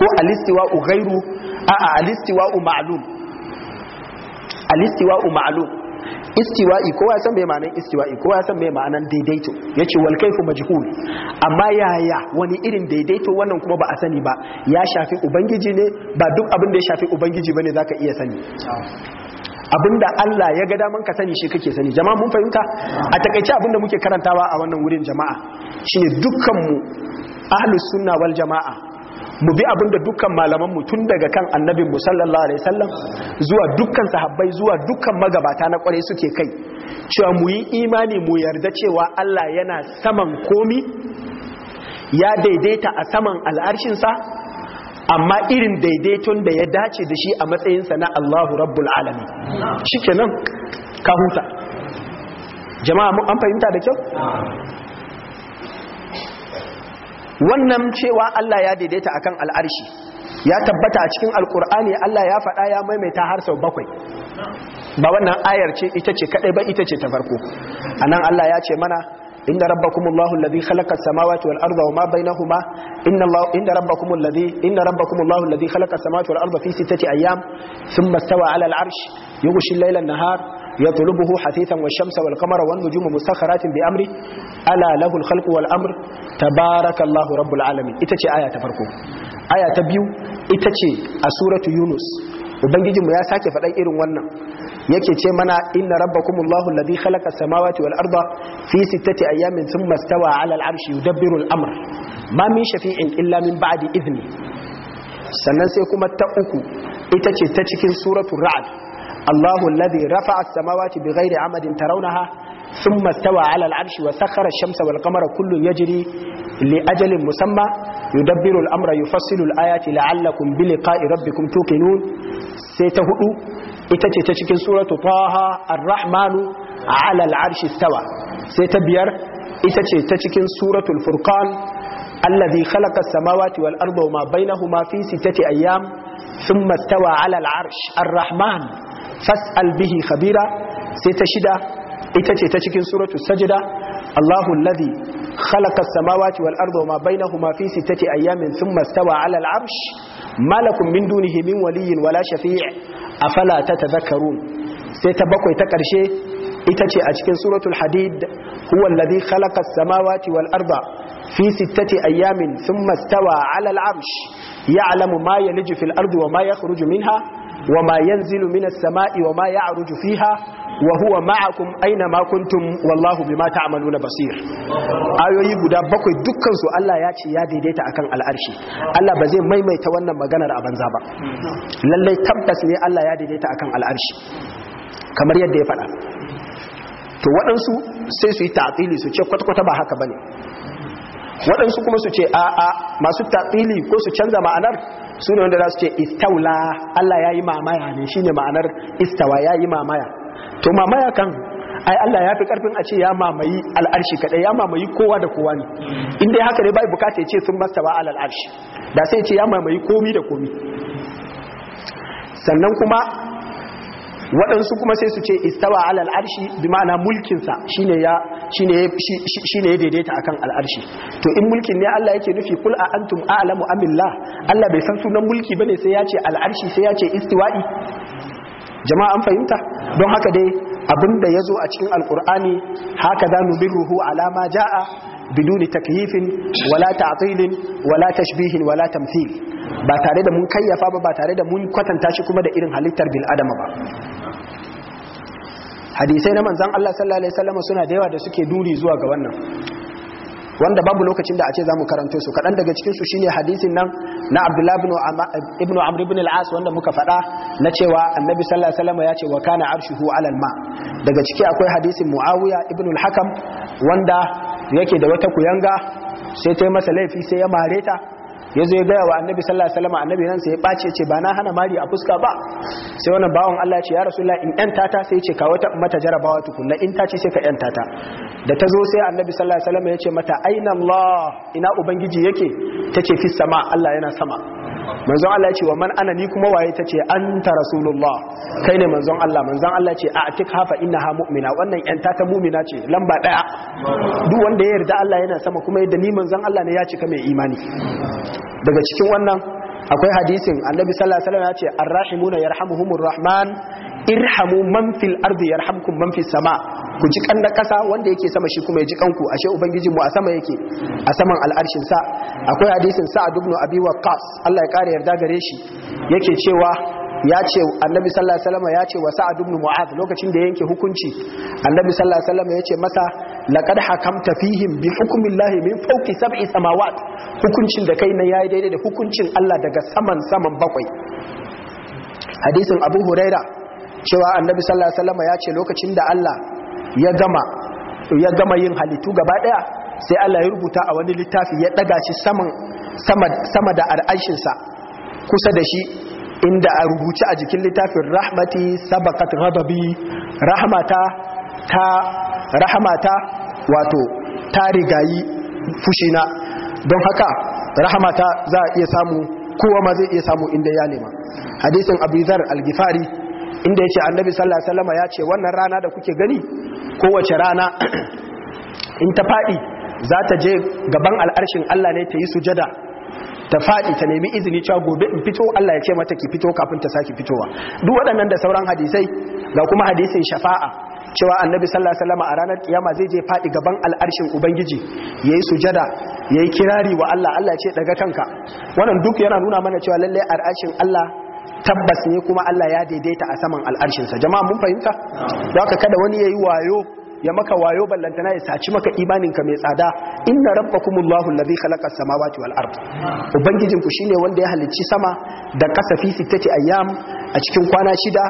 [SPEAKER 1] ko alistiwa'u ghairu a'a alistiwa'u ma'lum alistiwa'u ma'lum istiwa'i kowa ya san mai ma'anan istiwa'i kowa ya san mai ma'anan daidaito yace wal kaifu majhul amma yaya wani irin daidaito wannan kuma ba a sani ba ya shafi ubangiji ne ba duk abin da ya shafi ubangiji bane zaka iya sani abinda Allah ya ga daman ka sani shi kake sani jama'a mun fahimta a takaice abinda muke karantawa a wannan wurin jama'a shine dukkan mu ahlus sunna wal jama'a mu bi da dukkan malaman mu tun daga kan annabin mu sallallahu alaihi wasallam zuwa dukkan sahabbai zuwa dukkan magabata na kwarai suke kai cewa mu yi imani mu yarda cewa Allah yana saman komi ya daidaita a saman sa amma irin daidaiton da ya dace da shi a matsayinsa na Allahu rabbul alamin shikenan ka huta jama'a an fahimta da kyau wannan cewa Allah ya daidaita akan al'arshi ya tabbata a cikin alkur'ani Allah ya faɗa ya maimaita har sau bakwai ba wannan ayar ce ita ce kaɗai ba ita ce ta farko anan Allah ya ce mana inna rabbakumullahu alladhi khalaqa as-samawati wal samawati wal fi ayyam sun stawa alal arshi arsh yughshi nahar يطلبه حثيثا والشمس والقمر والنجوم مسخرات بأمري ألا له الخلق والأمر تبارك الله رب العالمين إتتي آية تفرقو آية تبيو إتتي أسورة يونس ubangijinmu ya sake faɗan irin wannan yake ce mana inna rabbakum allahu alladhi samawati wal arda fi sittati ayamin thumma stawa ala al arshi yudabbiru al amr ma min shafi'in illa min ba'di sannan sai kuma ta uku ita ce ta cikin suratul ra'ad الله الذي رفع السماوات بغير عمد ترونها ثم استوى على العرش وسخر الشمس والقمر كل يجري لأجل مسمى يدبر الأمر يفصل الآيات لعلكم بلقاء ربكم توقنون سيتهؤوا إتتي تشكين سورة طه الرحمن على العرش استوى سيتبير إتتي تشكين سورة الفرقان الذي خلق السماوات والأرض وما بينهما في ستة أيام ثم استوى على العرش الرحمن fas'al bihi khabira sai ta shida ita ce ta cikin suratu sajda Allahu alladhi khalaqa as-samawati wal arda wa ma bainahuma fi sittati ayamin thumma istawa 'ala al-'arsh ma min dunihi min waliyyin wala shafi' afala tatadhakkarun sai ta bakwai ta karshe ita ce a cikin suratul hadid huwa alladhi khalaqa as-samawati wal arda fi sittati ayamin thumma istawa 'ala al-'arsh ya'lamu ma yaliju fil ardi wa ma yakhruju minha wa ma yanzilu sama'i wama ya ya'ruju fiha wa huwa ma'akum aina ma kuntum wallahu bima ta'maluna basir ayoyi guda bakwai dukkansu Allah ya ce ya daidaita akan al'arshi Allah ba zai maimaita wannan maganar a banza ba Lallai tabbas ne Allah ya daidaita akan al'arshi kamar yadda ya faɗa to waɗansu sai su yi su ce kwata ba haka bane waɗansu kuma su ce a'a masu ta'tili ko su canza ma'anar su ne wanda za su ce istaula Allah ya yi mamaya ne shine ma'anar istawa ya yi mamaya to mamaya kan ai Allah ya fi karfin a ce ya mamayi al'arshi kadai ya mamayi kowa da kowa ne in dai haka ne bai bukata ya ce sun mastawa al al'arshi da sai ce ya mamayi komi da komi sannan kuma waɗansu kuma sai su ce istawa alal arshi bi ma'ana mulkinsa shine ya shine ya daidaita akan al'arshi to in mulkin ne Allah yake nufi kul a antum a'lamu amillah Allah bai san sunan mulki ba ne sai ya ce al'arshi sai ya ce istiwa'i jama'a an fahimta don haka dai abinda zo a cikin alqur'ani haka za ruhu alama ja'a biduni takyifin wala ta'tilin wala tashbihin wala tamthil ba tare da mun kayyafa ba ba tare da mun kwatanta shi kuma da irin halittar bil adama ba hadisai na manzon Allah sallallahu alaihi wasallam suna da yawa da suke duri zuwa ga wannan wanda babu lokacin da a ce za mu karanto su kadan daga su shine hadisin nan na abdullahi ibn amr ibn al-as wanda muka faɗa na cewa annabi sallallahu alaihi wasallam ya ce wa kana arshuhu alal ma daga ciki akwai hadisin muawiya ibn al-hakam wanda yake da wata kuyanga sai ta yi masa laifi sai ya mare ta ya zo ya gaya wa annabi sallallahu alaihi wasallam annabi nan sai ya bace ce ba na hana mari a fuska ba sai wannan bawon Allah ce ya rasu la in yan tata sai ce kawo ta mata jarabawa tukunna in tace sai ka yan tata da ta zo sai annabi sallallahu alaihi wasallam ya ce mata aina Allah ina ubangiji yake tace fi sama Allah yana sama manzon Allah ya ce wa man ana ni kuma waye ta ce anta rasulullah kai ne manzon Allah manzon Allah ya ce a atik hafa ha mu'mina wannan yan ta ta mu'mina ce lamba daya duk wanda ya yarda Allah yana sama kuma yadda ni manzon Allah ne ya cika mai imani daga cikin wannan akwai hadisin annabi sallallahu alaihi wasallam ya ce arrahimuna yarhamuhumur rahman irhamu man fil ardi yarhamkum man fis sama ku ji kan kasa wanda yake sama shi kuma ya ji kanku ashe ubangiji mu a sama yake a saman al'arshin sa akwai hadisin sa ibn abi waqas Allah ya kare yarda gare shi yake cewa ya ce annabi sallallahu alaihi wasallam ya ce wa sa'ad ibn mu'adh lokacin da yanke hukunci annabi sallallahu alaihi wasallam ya ce masa laqad hakamta fihim bi llahi min fawqi sab'i samawat hukuncin da kai na yayi daidai da hukuncin Allah daga saman saman bakwai hadisin abu huraira cewa annabi sallallahu alaihi wasallam ya ce lokacin da Allah ya gama ya gama yin halittu gaba daya sai Allah ya rubuta a wani littafi ya daga shi sama sama da al'arshin sa kusa da shi inda a rubuce a jikin littafin rahmati sabaqat ghadabi rahmata ta rahmata wato ta rigayi na. don haka rahmata za a iya samu kowa ma zai iya samu inda ya nema hadisin abizar al-gifari inda ya ce annabi sallallahu alaihi wasallam ya ce wannan rana da kuke gani kowace rana <clears throat> in ta faɗi za ta je gaban al'arshin Allah ne ta yi sujada ta faɗi ta nemi izini cewa gobe in fito Allah ya ce mata ki fito kafin ta saki fitowa duk waɗannan da sauran hadisai ga kuma hadisin shafa'a cewa annabi sallallahu alaihi wasallam a ranar kiyama zai je faɗi gaban al'arshin ubangiji yayi sujada yayi kirari wa Allah Allah ya ce daga kanka wannan duk yana nuna mana cewa lalle al'arshin Allah tabbas ne kuma Allah ya daidaita a saman al'arshinsa jama'a mun fahimta za ka kada wani ya yi wayo ya maka wayo ballantana ya saci maka imaninka mai tsada inna rabbakumullahu allazi khalaqa samawati wal ard ubangijin ku shine wanda ya halicci sama da kasa fi sittati ayyam a cikin kwana shida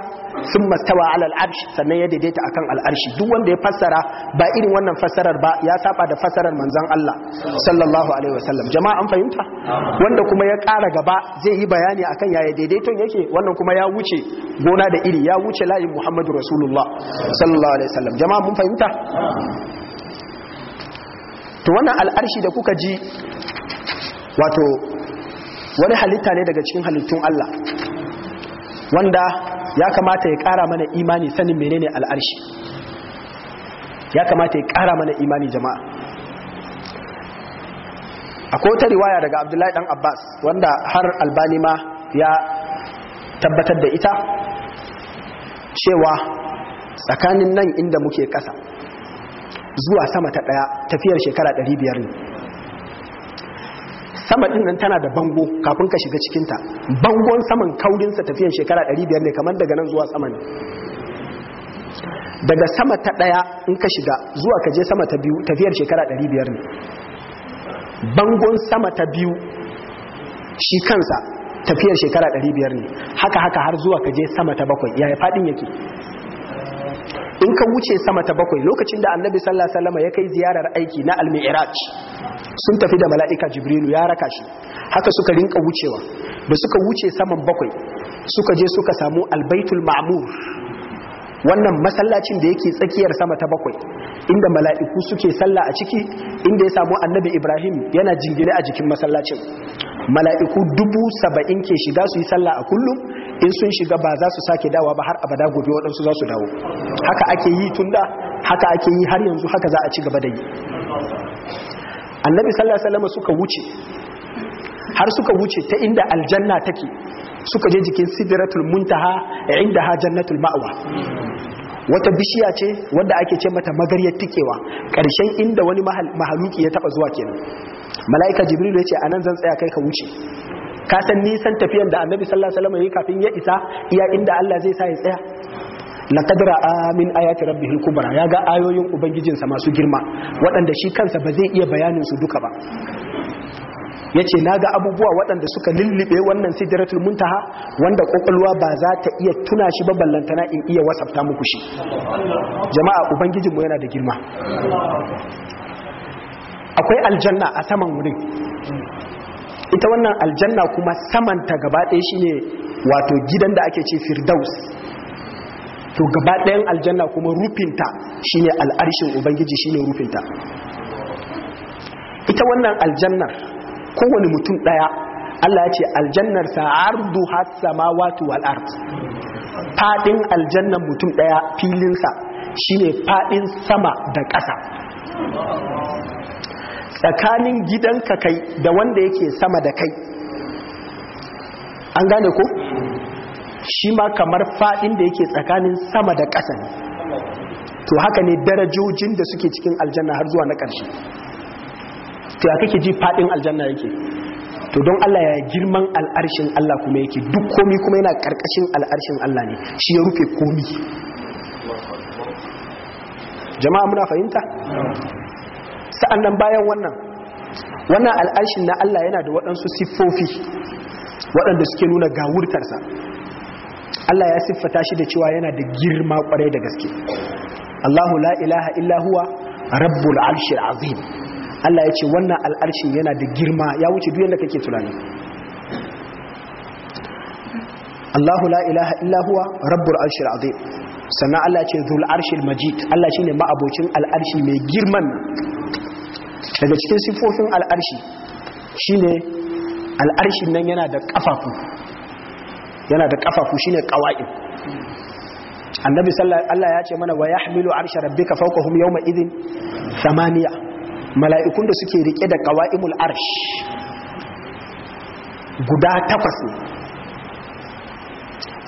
[SPEAKER 1] thumma stawa ala al arsh sannan ya daidaita akan al arshi duk wanda ya fassara ba irin wannan fassarar ba ya saba da fassarar manzon Allah sallallahu alaihi wasallam jama'a an fahimta wanda kuma ya kara gaba zai yi bayani akan yaya daidaiton yake wannan kuma ya wuce gona da iri ya wuce layin Muhammadu Rasulullah sallallahu alaihi wasallam jama'a mun fahimta to wannan al'arshi da kuka ji wato wani halitta ne daga cikin halittun Allah wanda ya kamata ya kara mana imani sanin menene al'arshi ya kamata ya kara mana imani jama'a akwai wata riwaya daga abdullahi dan abbas wanda har albani ma ya tabbatar da ita cewa tsakanin nan inda muke kasa zuwa sama ta ɗaya tafiyar shekara 500 ne sama din nan tana da bango kafin ka shiga cikinta bangon saman kaurinsa tafiyar shekara 500 ne kamar daga nan zuwa sama ne daga sama ta ɗaya in ka shiga zuwa ka je sama ta biyu tafiyar shekara 500 ne bangon sama ta biyu shi kansa tafiyar shekara 500 ne haka haka har zuwa ka je sama ta bakwai yaya faɗin yake in ka wuce sama ta bakwai lokacin da annabi sallallahu alaihi ya kai ziyarar aiki na al-mi'raj sun tafi da mala'ika jibrilu ya raka shi haka suka rinka wucewa da suka wuce saman bakwai suka je suka samu al-baitul ma'mur wannan masallacin da yake tsakiyar sama ta bakwai inda mala'iku suke sallah a ciki inda ya samu annabi ibrahim yana jingine a jikin masallacin mala'iku dubu saba'in ke shiga su yi sallah a kullum in sun shiga ba za su sake dawa ba har abada gobe waɗansu za su dawo haka ake yi tun da haka ake yi har yanzu haka za a ci gaba da yi annabi sallallahu alaihi wasallam suka wuce har suka wuce ta inda aljanna take suka je jikin sidratul muntaha inda ha jannatul ma'wa wata bishiya ce wanda ake ce mata magaryar tikewa karshen inda wani mahaluki ya taba zuwa kenan mala'ika jibril ya ce anan zan tsaya kai ka wuce ka san nisan tafiyan da annabi sallallahu alaihi wasallam yayi kafin ya isa iya inda Allah zai sa ya tsaya laqad ra'a min ayati rabbihil kubra ya ga ayoyin ubangijinsa masu girma waɗanda shi kansa ba zai iya bayanin su duka ba yace ce na ga abubuwa waɗanda suka lullube wannan sidratul muntaha wanda ƙwaƙwalwa ba za ta iya tuna shi ba ballantana in iya wasafta muku shi jama'a ubangijin mu yana da girma akwai aljanna a saman wurin ita wannan aljanna kuma samanta gaba ɗaya shine wato gidan da ake ce firdaus to gaba ɗayan aljanna kuma rufinta shine al'arshin ubangiji shine rufinta ita wannan aljannar kowane mutum ɗaya Allah ya ce aljannar sa ardu has wato wal aljannan mutum ɗaya filinsa shine faɗin sama da ƙasa tsakanin gidan ka kai da wanda yake sama da kai an gane ko shi ma kamar fadin da yake tsakanin sama da ƙasa ne to haka ne darajojin da suke cikin aljanna har zuwa na ƙarshe to ya kake ji fadin aljanna yake to don Allah ya girman al'arshin Allah kuma yake duk komi kuma yana ƙarƙashin al'arshin Allah ne shi ya rufe komi jama'a muna fahimta sa'annan bayan wannan wannan al'arshin na Allah yana da waɗansu siffofi waɗanda suke nuna gawurtarsa Allah ya siffata shi da cewa yana da girma kwarai da gaske Allahu la ilaha illa huwa rabbul arshil azim Allah ya ce wannan al'arshin yana da girma ya wuce duk yadda kake tunani Allahu la ilaha illa huwa rabbul arshil azim sannan Allah ce zul arshil majid Allah shine ma'abocin al'arshi mai girman daga cikin sifofin al'arshi shine al'arshin nan yana da kafafu yana da kafafu shine qawa'id annabi sallallahu Allah ya ce mana wa yahmilu arsha rabbika fawqahum yawma idhin thamaniya mala'ikun da suke rike da qawa'imul arsh guda takwas ne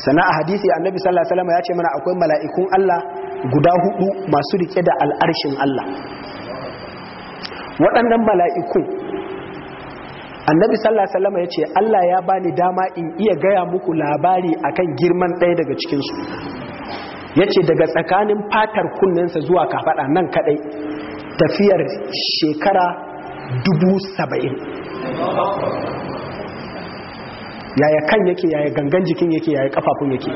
[SPEAKER 1] sana a hadisi annabi sallallahu alaihi ya ce mana akwai mala'ikun Allah guda hudu masu rike da al'arshin Allah waɗannan mala'iku annabi sallallahu alaihi wasallam yace Allah ya bani dama in iya gaya muku labari akan girman ɗaya daga cikin su yace daga tsakanin fatar kunnensa zuwa kafada nan kadai tafiyar shekara dubu saba'in yaya kan yake yaya gangan jikin yake yaya kafafun yake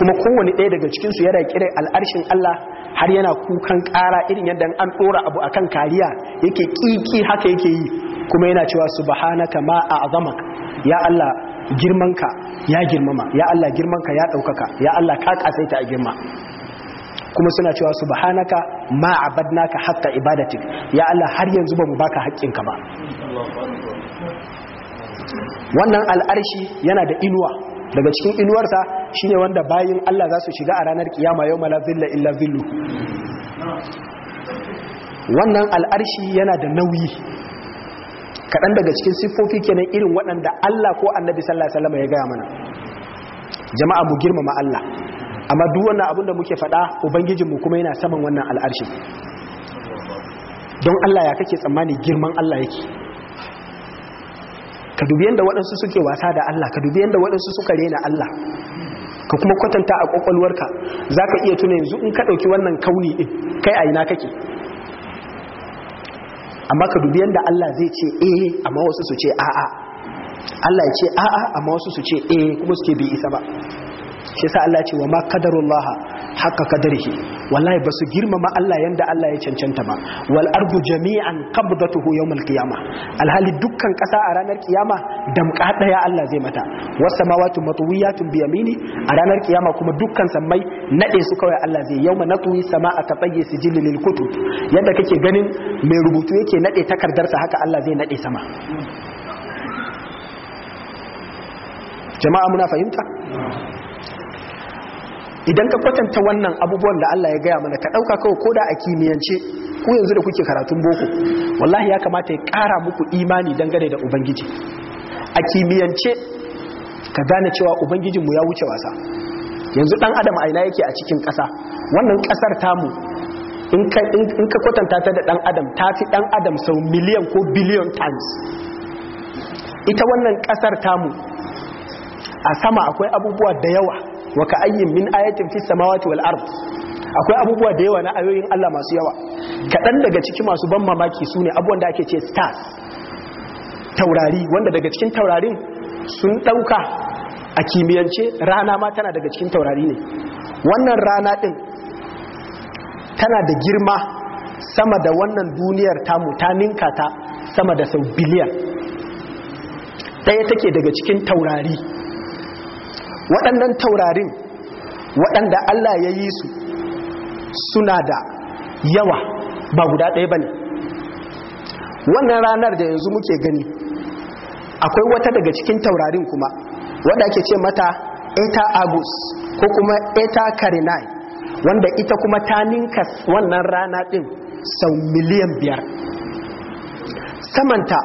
[SPEAKER 1] kuma kowane ɗaya daga cikinsu yana kira al'arshin Allah har yana kukan ƙara irin yadda an ɗora abu akan kariya yake ƙiƙi haka yake yi kuma yana cewa subhanaka ma a azamak ya Allah girmanka ya girmama ya Allah girmanka ya ɗaukaka ya Allah ka kasaita a girma kuma suna cewa subhanaka ma abadnaka haqqa ibadatik ya Allah har yanzu ba mu baka haƙƙinka ba wannan al'arshi yana da inuwa daga cikin inuwarsa ne wanda bayin Allah za su shiga a ranar kiyama yau mala zilla illa zillu wannan al'arshi yana da nauyi kaɗan daga cikin siffofi kenan irin waɗanda Allah ko annabi sallallahu alaihi ya gaya mana jama'a mu girmama Allah amma duk wannan abin da muke faɗa ubangijinmu kuma yana saman wannan al'arshi don Allah ya kake tsammani girman Allah yake ka dubi yadda waɗansu suke wasa da Allah ka dubi yadda waɗansu suka rena Allah ka kuma kwatanta a ƙwaƙwalwarka, za ka iya tuna yanzu in ka ɗauki wannan kauni ɗin kai a ina kake amma ka dubi yadda Allah zai ce eh amma wasu su ce a'a Allah ya ce a'a amma wasu su ce eh kuma suke bi isa ba shi sa Allah ce wa ma qadarullaha haka kadarihi wallahi ba su girmama Allah yanda Allah ya cancanta ba wal ardu jami'an qabdatuhu yawmal qiyamah alhali dukkan kasa a ranar kiyama damka daya Allah zai mata was samawati matwiyatun bi yamini a ranar kiyama kuma dukkan samai nade su kawai Allah zai yawma natwi sama'a ka tsaye sijil kutub yanda kake ganin mai rubutu yake nade takardarsa haka Allah zai nade sama jama'a muna fahimta idan ka kwatanta wannan abubuwan da Allah ya gaya mana ka ɗauka kawai ko da a kimiyyance ku yanzu da kuke karatun boko wallahi ya kamata ya kara muku imani dangane da ubangiji a kimiyyance ka gane cewa mu ya wuce wasa yanzu ɗan adam ina yake a cikin kasa? wannan ƙasar tamu in ka kwatanta ta da ɗan adam ta fi ɗan adam sau miliyan ko biliyon times ita wannan kasar tamu a sama akwai abubuwa da yawa wa ka ayyin min ayatin fi samawati wal ard akwai abubuwa da yawa na ayoyin Allah masu yawa kaɗan daga ciki masu ban mamaki sune abubuwan da ake ce stars taurari wanda daga cikin taurarin sun ɗauka a kimiyyance rana ma tana daga cikin taurari ne wannan rana din tana da girma sama da wannan duniyar tamu ta ninka ta sama da sau biliyan ɗaya take daga cikin taurari waɗannan taurarin waɗanda Allah ya yi su suna da yawa ba guda ɗaya ba ne wannan ranar da yanzu muke gani akwai wata daga cikin taurarin kuma wadda ake ce mata eta agus ko kuma eta karinai wanda ita kuma ta ninka wannan rana ɗin sau miliyan biyar samanta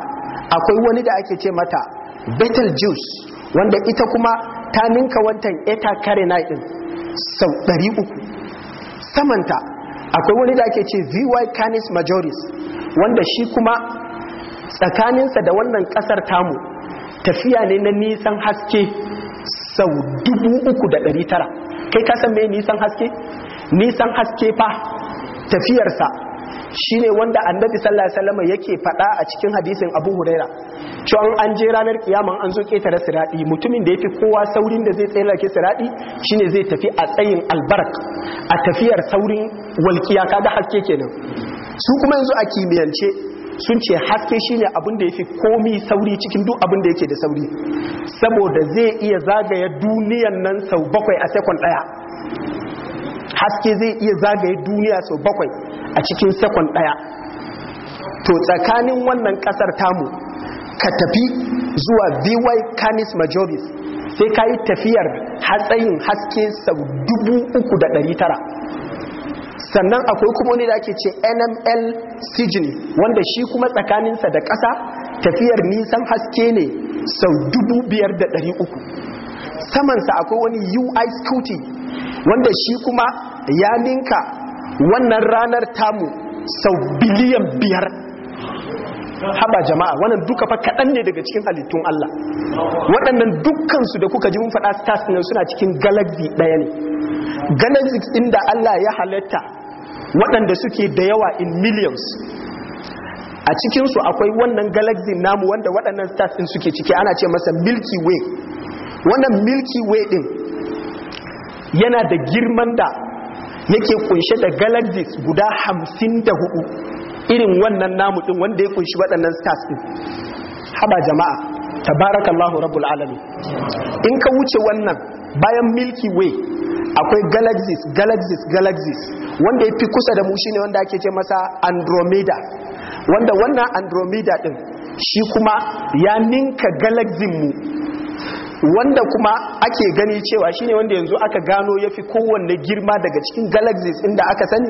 [SPEAKER 1] akwai wani da ake ce mata Betel-juice wanda ita kuma ta ninka wantan eta kare na din sau uku. samanta akwai wani da ake ce vy canis majoris wanda shi kuma tsakaninsa da wannan kasar tamu tafiya ne na nisan haske sau dubu uku da ɗari tara. kai kasan mai nisan haske nisan haske fa tafiyarsa shine wanda annabi sallallahu alaihi wasallam yake faɗa a cikin hadisin Abu Huraira cewa an je ranar kiyama an zo ketare siradi mutumin da yafi kowa saurin da zai tsere ke siradi shine zai tafi a tsayin albarak a tafiyar saurin walkiya kaga haske kenan su kuma yanzu a kimiyance sun ce haske shine abin da yafi komi sauri cikin duk abin da yake da sauri saboda zai iya zagaya duniyan nan sau bakwai a sekon daya haske zai iya zagaya duniya sau bakwai a cikin sakon ɗaya to tsakanin wannan ƙasar tamu ka tafi zuwa VY canis majoris sai ka yi tafiyar hatsayin haske sau tara. sannan akwai kuma wani da ake ce nml sijini wanda shi kuma tsakaninsa da ƙasa tafiyar nisan haske ne sau da 5,300 samansa akwai wani ui scouting wanda shi kuma ya ninka wannan ranar tamu sau biliyan biyar haba jama'a wannan duka fa kaɗan ne daga cikin halittun Allah waɗannan dukkansu da kuka ji mun faɗa stars ne suna cikin galaxy ɗaya ne galaxy inda Allah ya halatta waɗanda suke da yawa in millions a cikinsu akwai wannan galaxy namu wanda waɗannan stars ɗin suke ciki ana ce masa milky way wannan milky way ɗin yana da girman da yake kunshe da galaxies guda hamsin da hudu irin wannan namu wanda ya kunshi waɗannan stars din haba jama'a tabarakallahu rabbul alamin in ka wuce wannan bayan milky way akwai galaxies galaxies galaxies wanda ya fi kusa da mu shine wanda ake ce masa andromeda wanda wannan andromeda din shi kuma ya ninka galaxies mu wanda kuma ake gani cewa shine wanda yanzu aka gano yafi kowanne girma daga cikin galaxies inda aka sani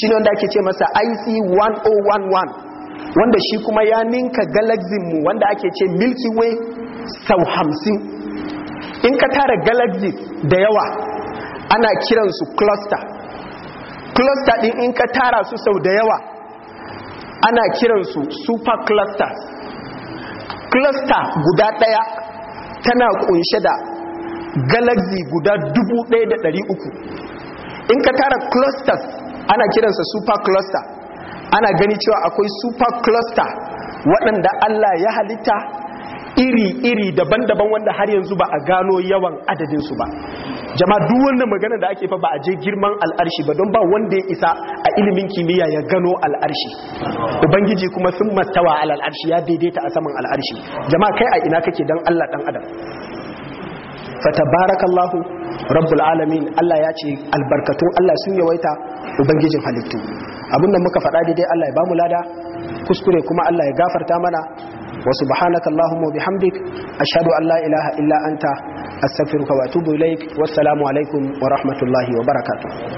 [SPEAKER 1] shine wanda ake ce masa IC 1011 wanda shi kuma ya ninka galaxy mu wanda ake ce milky way sau hamsin in ka tara galaxies da yawa ana kiransu cluster cluster din in ka tara su sau da yawa ana kiransu super clusters cluster guda daya tana kunshe da galaxy guda 1300 in ka tara clusters ana kiransa super cluster ana gani cewa akwai super cluster waɗanda Allah ya halitta iri-iri daban-daban wanda har yanzu ba a gano yawan adadinsu ba jama'a duk wannan magana da ake fa ba a je girman al'arshi ba don ba wanda ya isa a ilimin kimiyya ya gano al'arshi ubangiji kuma sun mastawa al'arshi ya daidaita a saman al'arshi jama'a kai a ina kake don allah dan adam fatabarakallahu rabbul alamin Allah ya ce albarkatun Allah sun yawaita ubangijin halittu abinda muka faɗa daidai Allah ya bamu lada kuskure kuma Allah ya gafarta mana wa subhanaka allahumma wa bihamdik ashhadu an la ilaha illa anta astaghfiruka wa atubu ilaik wassalamu alaikum wa rahmatullahi wa barakatuh